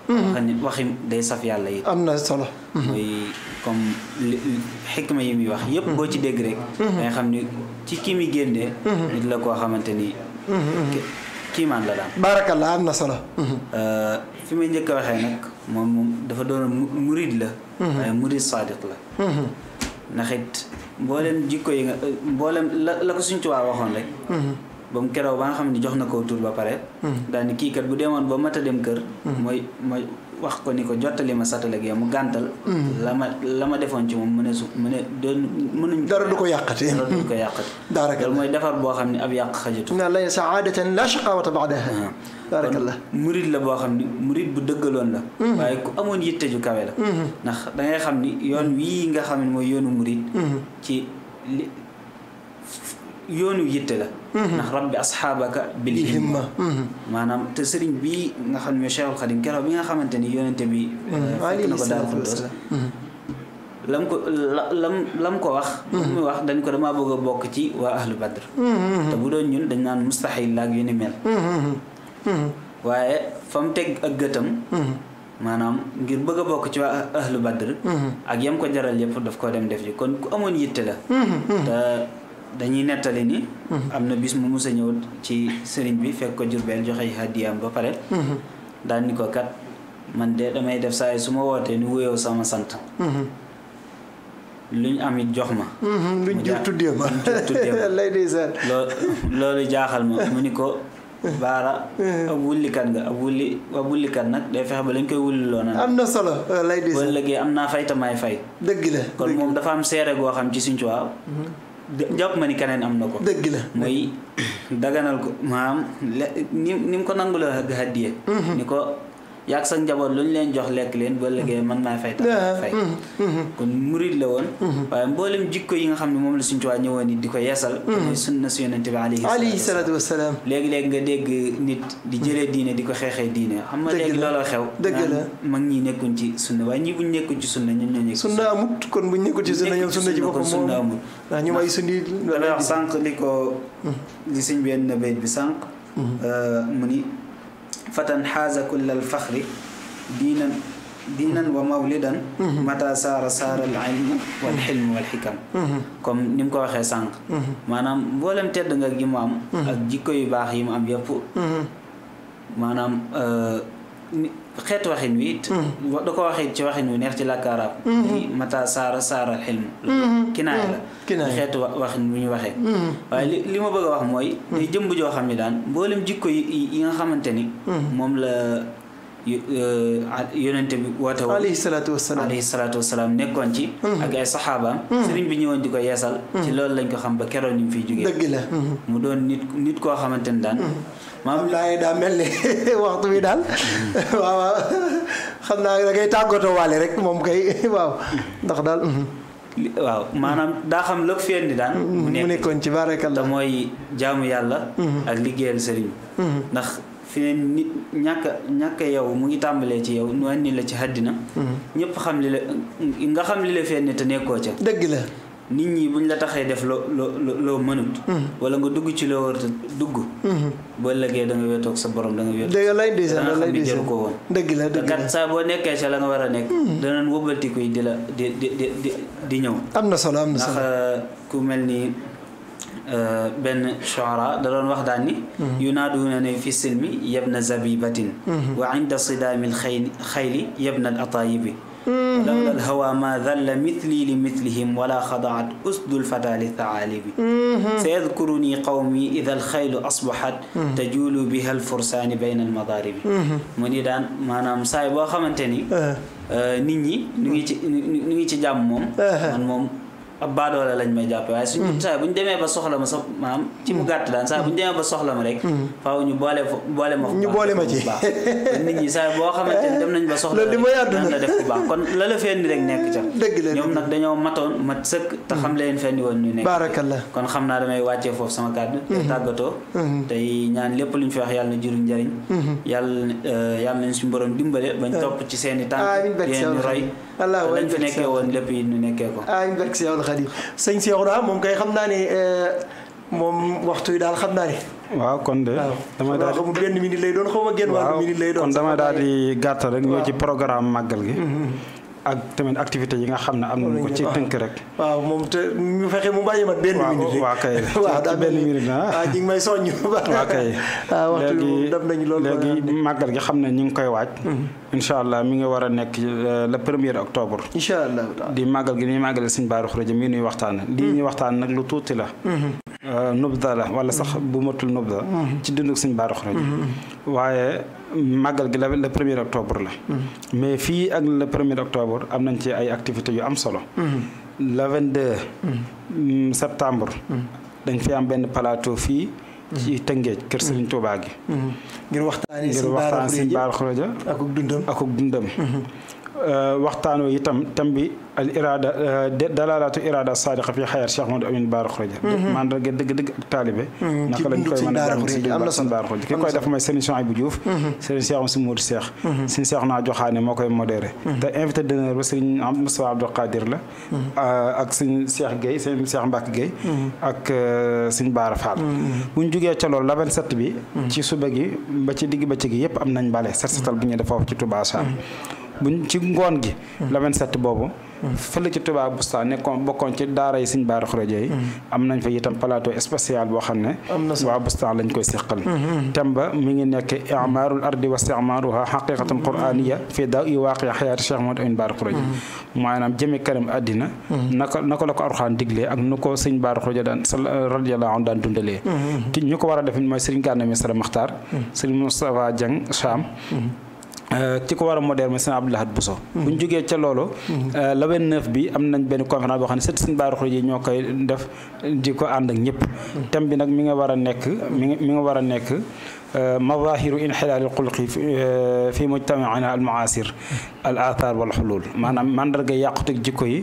waxin day saf yàlla yi am na solo muy comme xikma yi muy ci dégg rek danga xam ni ci ki muy ni kiimaan la daal barakallah am na solo euh, fi may njëkk a waxee nag moom moom dafa doon murid la uhuh. waaye murid sadiq la uhuh. ndax mboolem jikko yi nga mboolem la la ko suñ Tuubaa waxoon rek. Mhm. ba mu keroog ba nga xam ne jox na ko tur ba pare. Mhm. daal kii kat bu demoon ba mat a dem kër. Mhm. mooy wax ko ni ko jottali ma satale ak mu gàntal. la ma la ma defoon ci moom mu ne su mu ne doon mënuñ. dara du ko yàqati dara du ko yàqati. daara loolu mooy defar boo xam ne ab yàq xajatu. inna lillahi saadatan la shaqawata ba'daha barakallah murit la boo xam ni murit bu dëggaloon la mm-hmm. waaye ku amoon yitte ju kawe la mm-hmm. ndax dangay xam ni yoon wii nga xam ne mooy yoonu murit mm-hmm. ci li yoonu yitte la ndax rabbi asxaabaka bil himma maanaam te sëriñ bii nga xam ne mooy Cheikhul Xadim keroog bi nga xamante ni yonente bi eh, fekk ko daal xuntoos lam ko lam lam ko wax mu wax dañ ko damaa bëgg bokk ci waa ahlu badr te bu doon ñun dañ naan mustahil laak yu ni mel Mm-hmm. waaye fa mu teg ak gëtam mm-hmm. maanaam ngir bëgg a bokk ci waa ahlu badr mm-hmm. ak yam ko jaral yëpp daf koo dem def ji kon ku amoon yitte la te dañuy nettali ni am na bis mu mus a ñëw ci sëriñ bi fekk ko jurbeel joxe hadiyaam ba pare daal ni ko kat man de damay def saa yi su ma wootee ni wuyoo sama sant luñ am jox ma luñ jur tuddee ma loolu jaaxal ma mu ni ko baara eh. ab wullikat nga ab wulli ab wullikat nag day fexe ba lañ koy wulli loo na am na solo eh, lay di léegi am naa fay tamaay fay dëgg la kon moom dafa am seere goo xam ci Sëñ Tuubaa mhm. jàpp ma ni keneen am na ko dëgg la mooy daganal ko maanaam ni ni mu ko nangu la hadiye mhm. ni ko yàgg sa njaboot lu ñu leen jox lekk leen ba léegi man maa fay tax fay mm-hmm. Mm-hmm. kon murid la woon mm-hmm. waaye mboolem jikko yi nga xam ne moom la suñu tuwaa ñëwoon it di ko yeesal mooy sunna su yonente bi alayhi salaatu wasalaam nga dégg nit di jëlee diine di ko xeexee diine xam nga léegi looloo xew dëgg la mag ñi nekkuñ ci sunna waaye ñi nekkuñ ci sunna ñoom ñoo nekk sunna amut kon buñ nekkul ci sunna ñoom sunna ci boppam sunna amut ndax ñu may sunni damay wax sànq li ko li suñ benn béyt bi sànq euh, mu ni fatan xaaza kulla alfaxri diinan diinan wa mawlidan mm-hmm. mata saara saara al ilmu wal xilmu wal xikam mm-hmm. comme ni mu ko waxee sànq mm-hmm. maanaam mboolem tedd nga gi mu am ak jikko yu baax yi mu am yëpp maanaam euh, xeet waxin wi it mm. da ko waxee ci waxin wu neex ci làkk arab ni saara saara xilm mm-hmm. kinaaya la mm-hmm. kinaaya xeetu waxin wu ñu waxee mm-hmm. waaye li li ma bëgg a wax mooy day jëmb joo xam ne daan mboolem jikko yi yi nga xamante ni moom la euh, yonente bi woote woon alayhi salaatu wasalaam alayhi nekkoon ci ak ay saxaabaam ko yeesal ci loolu lañ ko xam ba keroon ni mu doon nit koo xamante daan maam laay daa mel ni waxtu bi daal waaw xam naa da ngay tàggatoo waale rek moom kay waaw ndax daal. Mhm. waaw maanaam daa xam lépp fi indi daan. Mm-hmm. mu nekkoon ci barakallah te mooy jaamu yàlla. Mm-hmm. ak liggéeyal sëriñ. Mm-hmm. ndax fi ne ñàkk ñàkk yow mu ngi tàmbalee ci yow nu andi la ci àddina. ñëpp xam li la nga xam li la fi indi te nekkoo ca. dëgg la. nit ñi buñ la taxee def loo loo loo mënut. Mm-hmm. wala nga dugg ci loo war a dugg. Mm-hmm. boo lëggee da nga wéetoog sa borom da nga wéetoog. dëgg la dëgg la dëgg la jaru ko woon. dëgg la dëgg la kat saa boo nekkee ca la war a nekk. Mm-hmm. danañ wëbbatiku yi di la di di di di ñëw. am na solo am na solo ndax uh, ku mel ni uh, benn shuara da doon wax daan ni. yunaaduuna ne fi silmi yabna zabibatin. wa inda sidaami alxayli yabna al ataayibi لولا الهوى ما ذل مثلي لمثلهم ولا خضعت أسد الفتى للثعالب سيذكرني قومي إذا الخيل أصبحت تجول بها الفرسان بين المضارب mu ni daan maanaam saay boo xamante ni nit ñi ñu ngi ci ñu ngi ci jàmm moom man moom ab baadoole lañ may jàppe waaye suñ mm. saa bu ñu demee ba soxla ma sa maanaam ci mu mm. gàtt daan saa bu ñu demee ba soxla ma rek mm. faaw ñu boole boole ma ñu boole ma ci baax nit ñi la def bu baax kon la la fenn rek nekk ca dëgg la ñoom nag dañoo matoon mat sëkk te xam leen fenn woon ñu nekk barakallah kon xam naa damay wàccee foofu sama kàddu mm-hmm. te tàggatoo mm-hmm. tey ñaan lépp lu ñu fi wax yàlla na juriñ njëriñ mm-hmm. yàlla eh, yàlla nañ suñu borom dimbale bañ eh. topp ci seeni tànk yéen roy wallaahi walañ fi nekkee woon lépp yi ñu nekkee ko. ah ñu barke Seexul Xadiim sëñ Seexuna moom kay xam naa ne eh, moom waxtu yi daal xam naa ne. waaw kon de. damay daal xamu benn minute lay doon xaw ma génn wàllu lay doon. kon damay daal di gàttal rek ñëw ci programme màggal gi. Mm-hmm. ak tamit activité yi nga xam ne am nañu ko ci tënk rek. waaw moom te ñu fexe mu bàyyi ma benn minute rek. waaw kay ci benn minute ah. ñu ngi may soññ. waaw kay ah, gi xam ne ñu ngi koy waaj. Mhm. incha allah mi ngi war a nekk euh, le premier octobre. incha allah di màggal gi ni màggale Sëñ Bara Khourédia mii nuy waxtaan. lii mhm. ñuy waxtaan nag lu tuuti la. Mhm. Euh, nubda la wala sax bu matul nubda. ci dunduk Sëñ Bara Khourédia waaye. màggal gi la le premier la. Mm-hmm. mais fii ak le premier octobre am nañ ci ay activités yu am solo. Mm-hmm. le 22. Mm-hmm. Mm, septembre. dañ fi am benn plateau fii. ci Tëngéej kër Serigne Touba gi. ngir waxtaanee si Baara Khourédia ngir waxtaan si Baara Khourédia ak dundam. Euh, waxtaanoo itam tam bi al irada euh, dalalatu irada sadiqa fi xayar Cheikh Mamadou Amin Bara Khourédia mm-hmm. mandarga dëgg dëgg ak taalibe mm-hmm. naka lañ koy mën a si am na seen Bara Khourédia ki koy def mooy sëriñ mm-hmm. Cheikh Ibou Diouf sëriñ Cheikh Moussa Mour Cheikh sëriñ Cheikh naa joxaane moo koy modéré te invité d'honneur ba sëriñ Moustapha Abdou Qadir la euh, ak sëriñ Cheikh Gueye sëriñ Cheikh Mbacke Gueye ak sëriñ Bara Fall bu ñu jugee ca loolu la 27 bi ci suba gi ba ci digg ba ci gi yëpp am nañ bale set setal bu ñuy def foofu ci Touba Sall buñ ci ngoon gi la 27 boobu fële ci Touba Boustan nekkoon bokkoon ci daara yi Sëñ Baara Xoroje yi am nañ fa itam plateau spécial boo xam ne waa Boustan lañ koy seqal mm-hmm. thème ba mi ngi nekk imaarul ardi wa istimaaruha xaqiqatan quraniya fii daw i waaqia xayaati Cheikh Mouhamed Amine Baara Xoroje mm-hmm. maanaam jëme kanam àddina mm-hmm. naka naka la ko Alxuraan diglee ak nu ko Sëñ Baara Xoroje daan radiyallaahu anhu daan dundalee te ñu ko a mooy Sëriñ Gànna Mesere Maxtaar Sëriñ Moustapha Dieng Cham Euh, ki ko war a modèle mooy sëñ Abdou Lahad Bousso mm-hmm. bu ñu jógee ca loolu la wenn neuf bi am nañ benn conférence boo xam ne sët sëñ Bara Khourédia yi ñoo koy def di ko ànd ak ñëpp mm-hmm. thème bi nag mi nga war a nekk mi nga war a nekk mazahiru inxilaal alxuluqi fi mujtamaana almuasir al athar wal xulul maanaam mandarga yàqutug jikko yi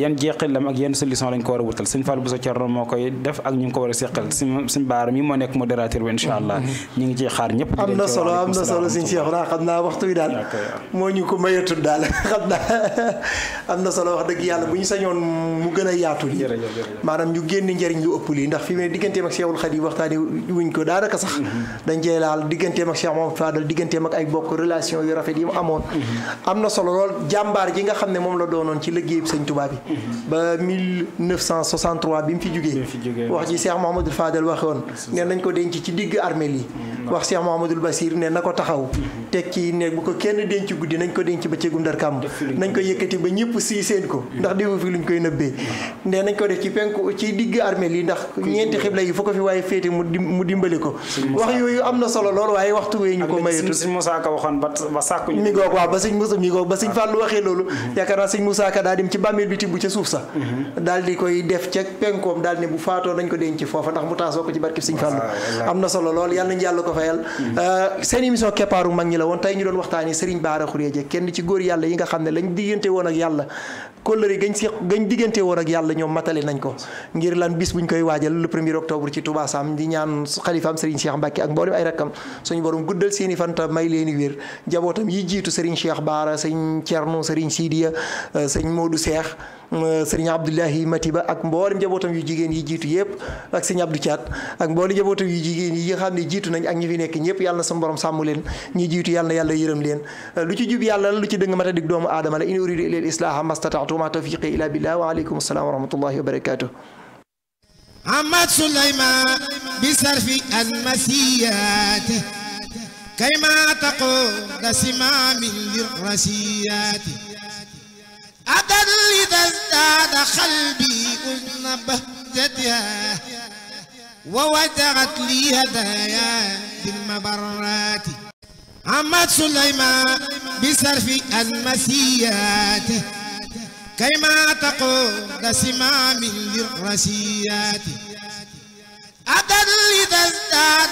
yan jeexillam ak yan solution lañ ko war a wutal suñ Fall Bousso Thierno moo koy def ak ko war a seqal suñ baara mi moo nekk modérateur bi incha allah ñu ngi ciy xaar ñëpp am na solo solo suñ Cheikh naa xam naa waxtu wi daal moo ñu ko mayatul daal xam naa na solo wax dëgg yàlla bu ñu sañoon mu gën a yaatu li maanaam ñu génn njëriñ lu ëpp lii ndax fi mu ne digganteem ak Cheikhul Khadim waxtaani wuñ ko daanaka sax mm-hmm. dañ cee laal digganteem ak Cheikh Mouhamed Fadal digganteem ak ay bokk relation yu rafet yi mu amoon. Mm-hmm. am na solo lool jàmbaar ji nga xam ne moom la doonoon ci liggéeyub sëñ bi. Mm-hmm. ba 1963 bi mu fi jugee. wax ji Cheikh Mouhamed Fadal waxoon. ne nañ ko denc ci digg armeel yi. Mm-hmm. wax Cheikh Mouhamadul Basir ne na ko taxaw. teg ci ne ko kenn denc guddi nañ ko denc ba ceegum ndar kàmm. nañ ko yëkkati ba ñëpp sii ko. ndax déggu fi luñ koy nëbbee. ne nañ ko def ci penku ci digg armeel yi ndax ñeenti xibla yi fu ko fi waaye féete mu dimbali ko wax yooyu am na solo lool waaye waxtu wee ñu ko mayeetul sëñ Moussa Ka waxoon ba ba sàkku mi ngoog ba sëñ Moussa mi ngoog ba sëñ Fallou waxee loolu mhm. yaakaar naa sëñ daa dem ci bàmmeel bi tibb ca suuf sa mhm. daal di koy def ca penkoom daal ne bu faatoo nañ ko denc foofa ndax mu taasoo ko ci barkib sëñ Fallou am na solo lool yàlla nañ yàlla ko fayal mhm. euh, seen émission keppaaru mag ñi la woon tey ñu doon waxtaani Serigne Bara Khourédia Dia kenn ci góor yàlla yi nga xam ne lañ diggante woon ak yàlla kóllëre gañ seq gañ diggante woon ak yàlla ñoom matale nañ ko ngir lan bis bu ñu koy waajal le premier octobre ci Touba Sam di ñaan xalifaam Serigne Cheikh Mbacke ak mboolem ay rakkam suñu borom guddal seeni fanta may leen i wér njabootam yi jiitu Serigne Cheikh Baara sëñ Thierno Serigne Sidiya euh, sëñ Modou seex sëriñ Abdoulahi Matiba ak mboolem njabootam yu jigéen yi jiitu yëpp ak sëriñ Abdou Thiat ak mboolem njabootam yu jigéen yi nga xam ne jiitu nañ ak ñi fi nekk ñëpp yàlla na sama borom sàmm leen ñi jiitu yàlla na yàlla yërëm leen lu ci jub yàlla lu ci dëng matadik doomu aadama la in uridu illa al-islaha mastata'tu ma tawfiqi illa billah wa alaykum assalam wa rahmatullahi wa barakatuh Ahmad Sulayman bi sarfi al-masiyat kayma taqu dasima min lirasiyati أدر إذا ازداد قلبي أذن بهجتها ووجعت لي هدايا بالمبرات عمت سليمان بصرف المسيات كيما تقود سمام للرسيات أدر إذا ازداد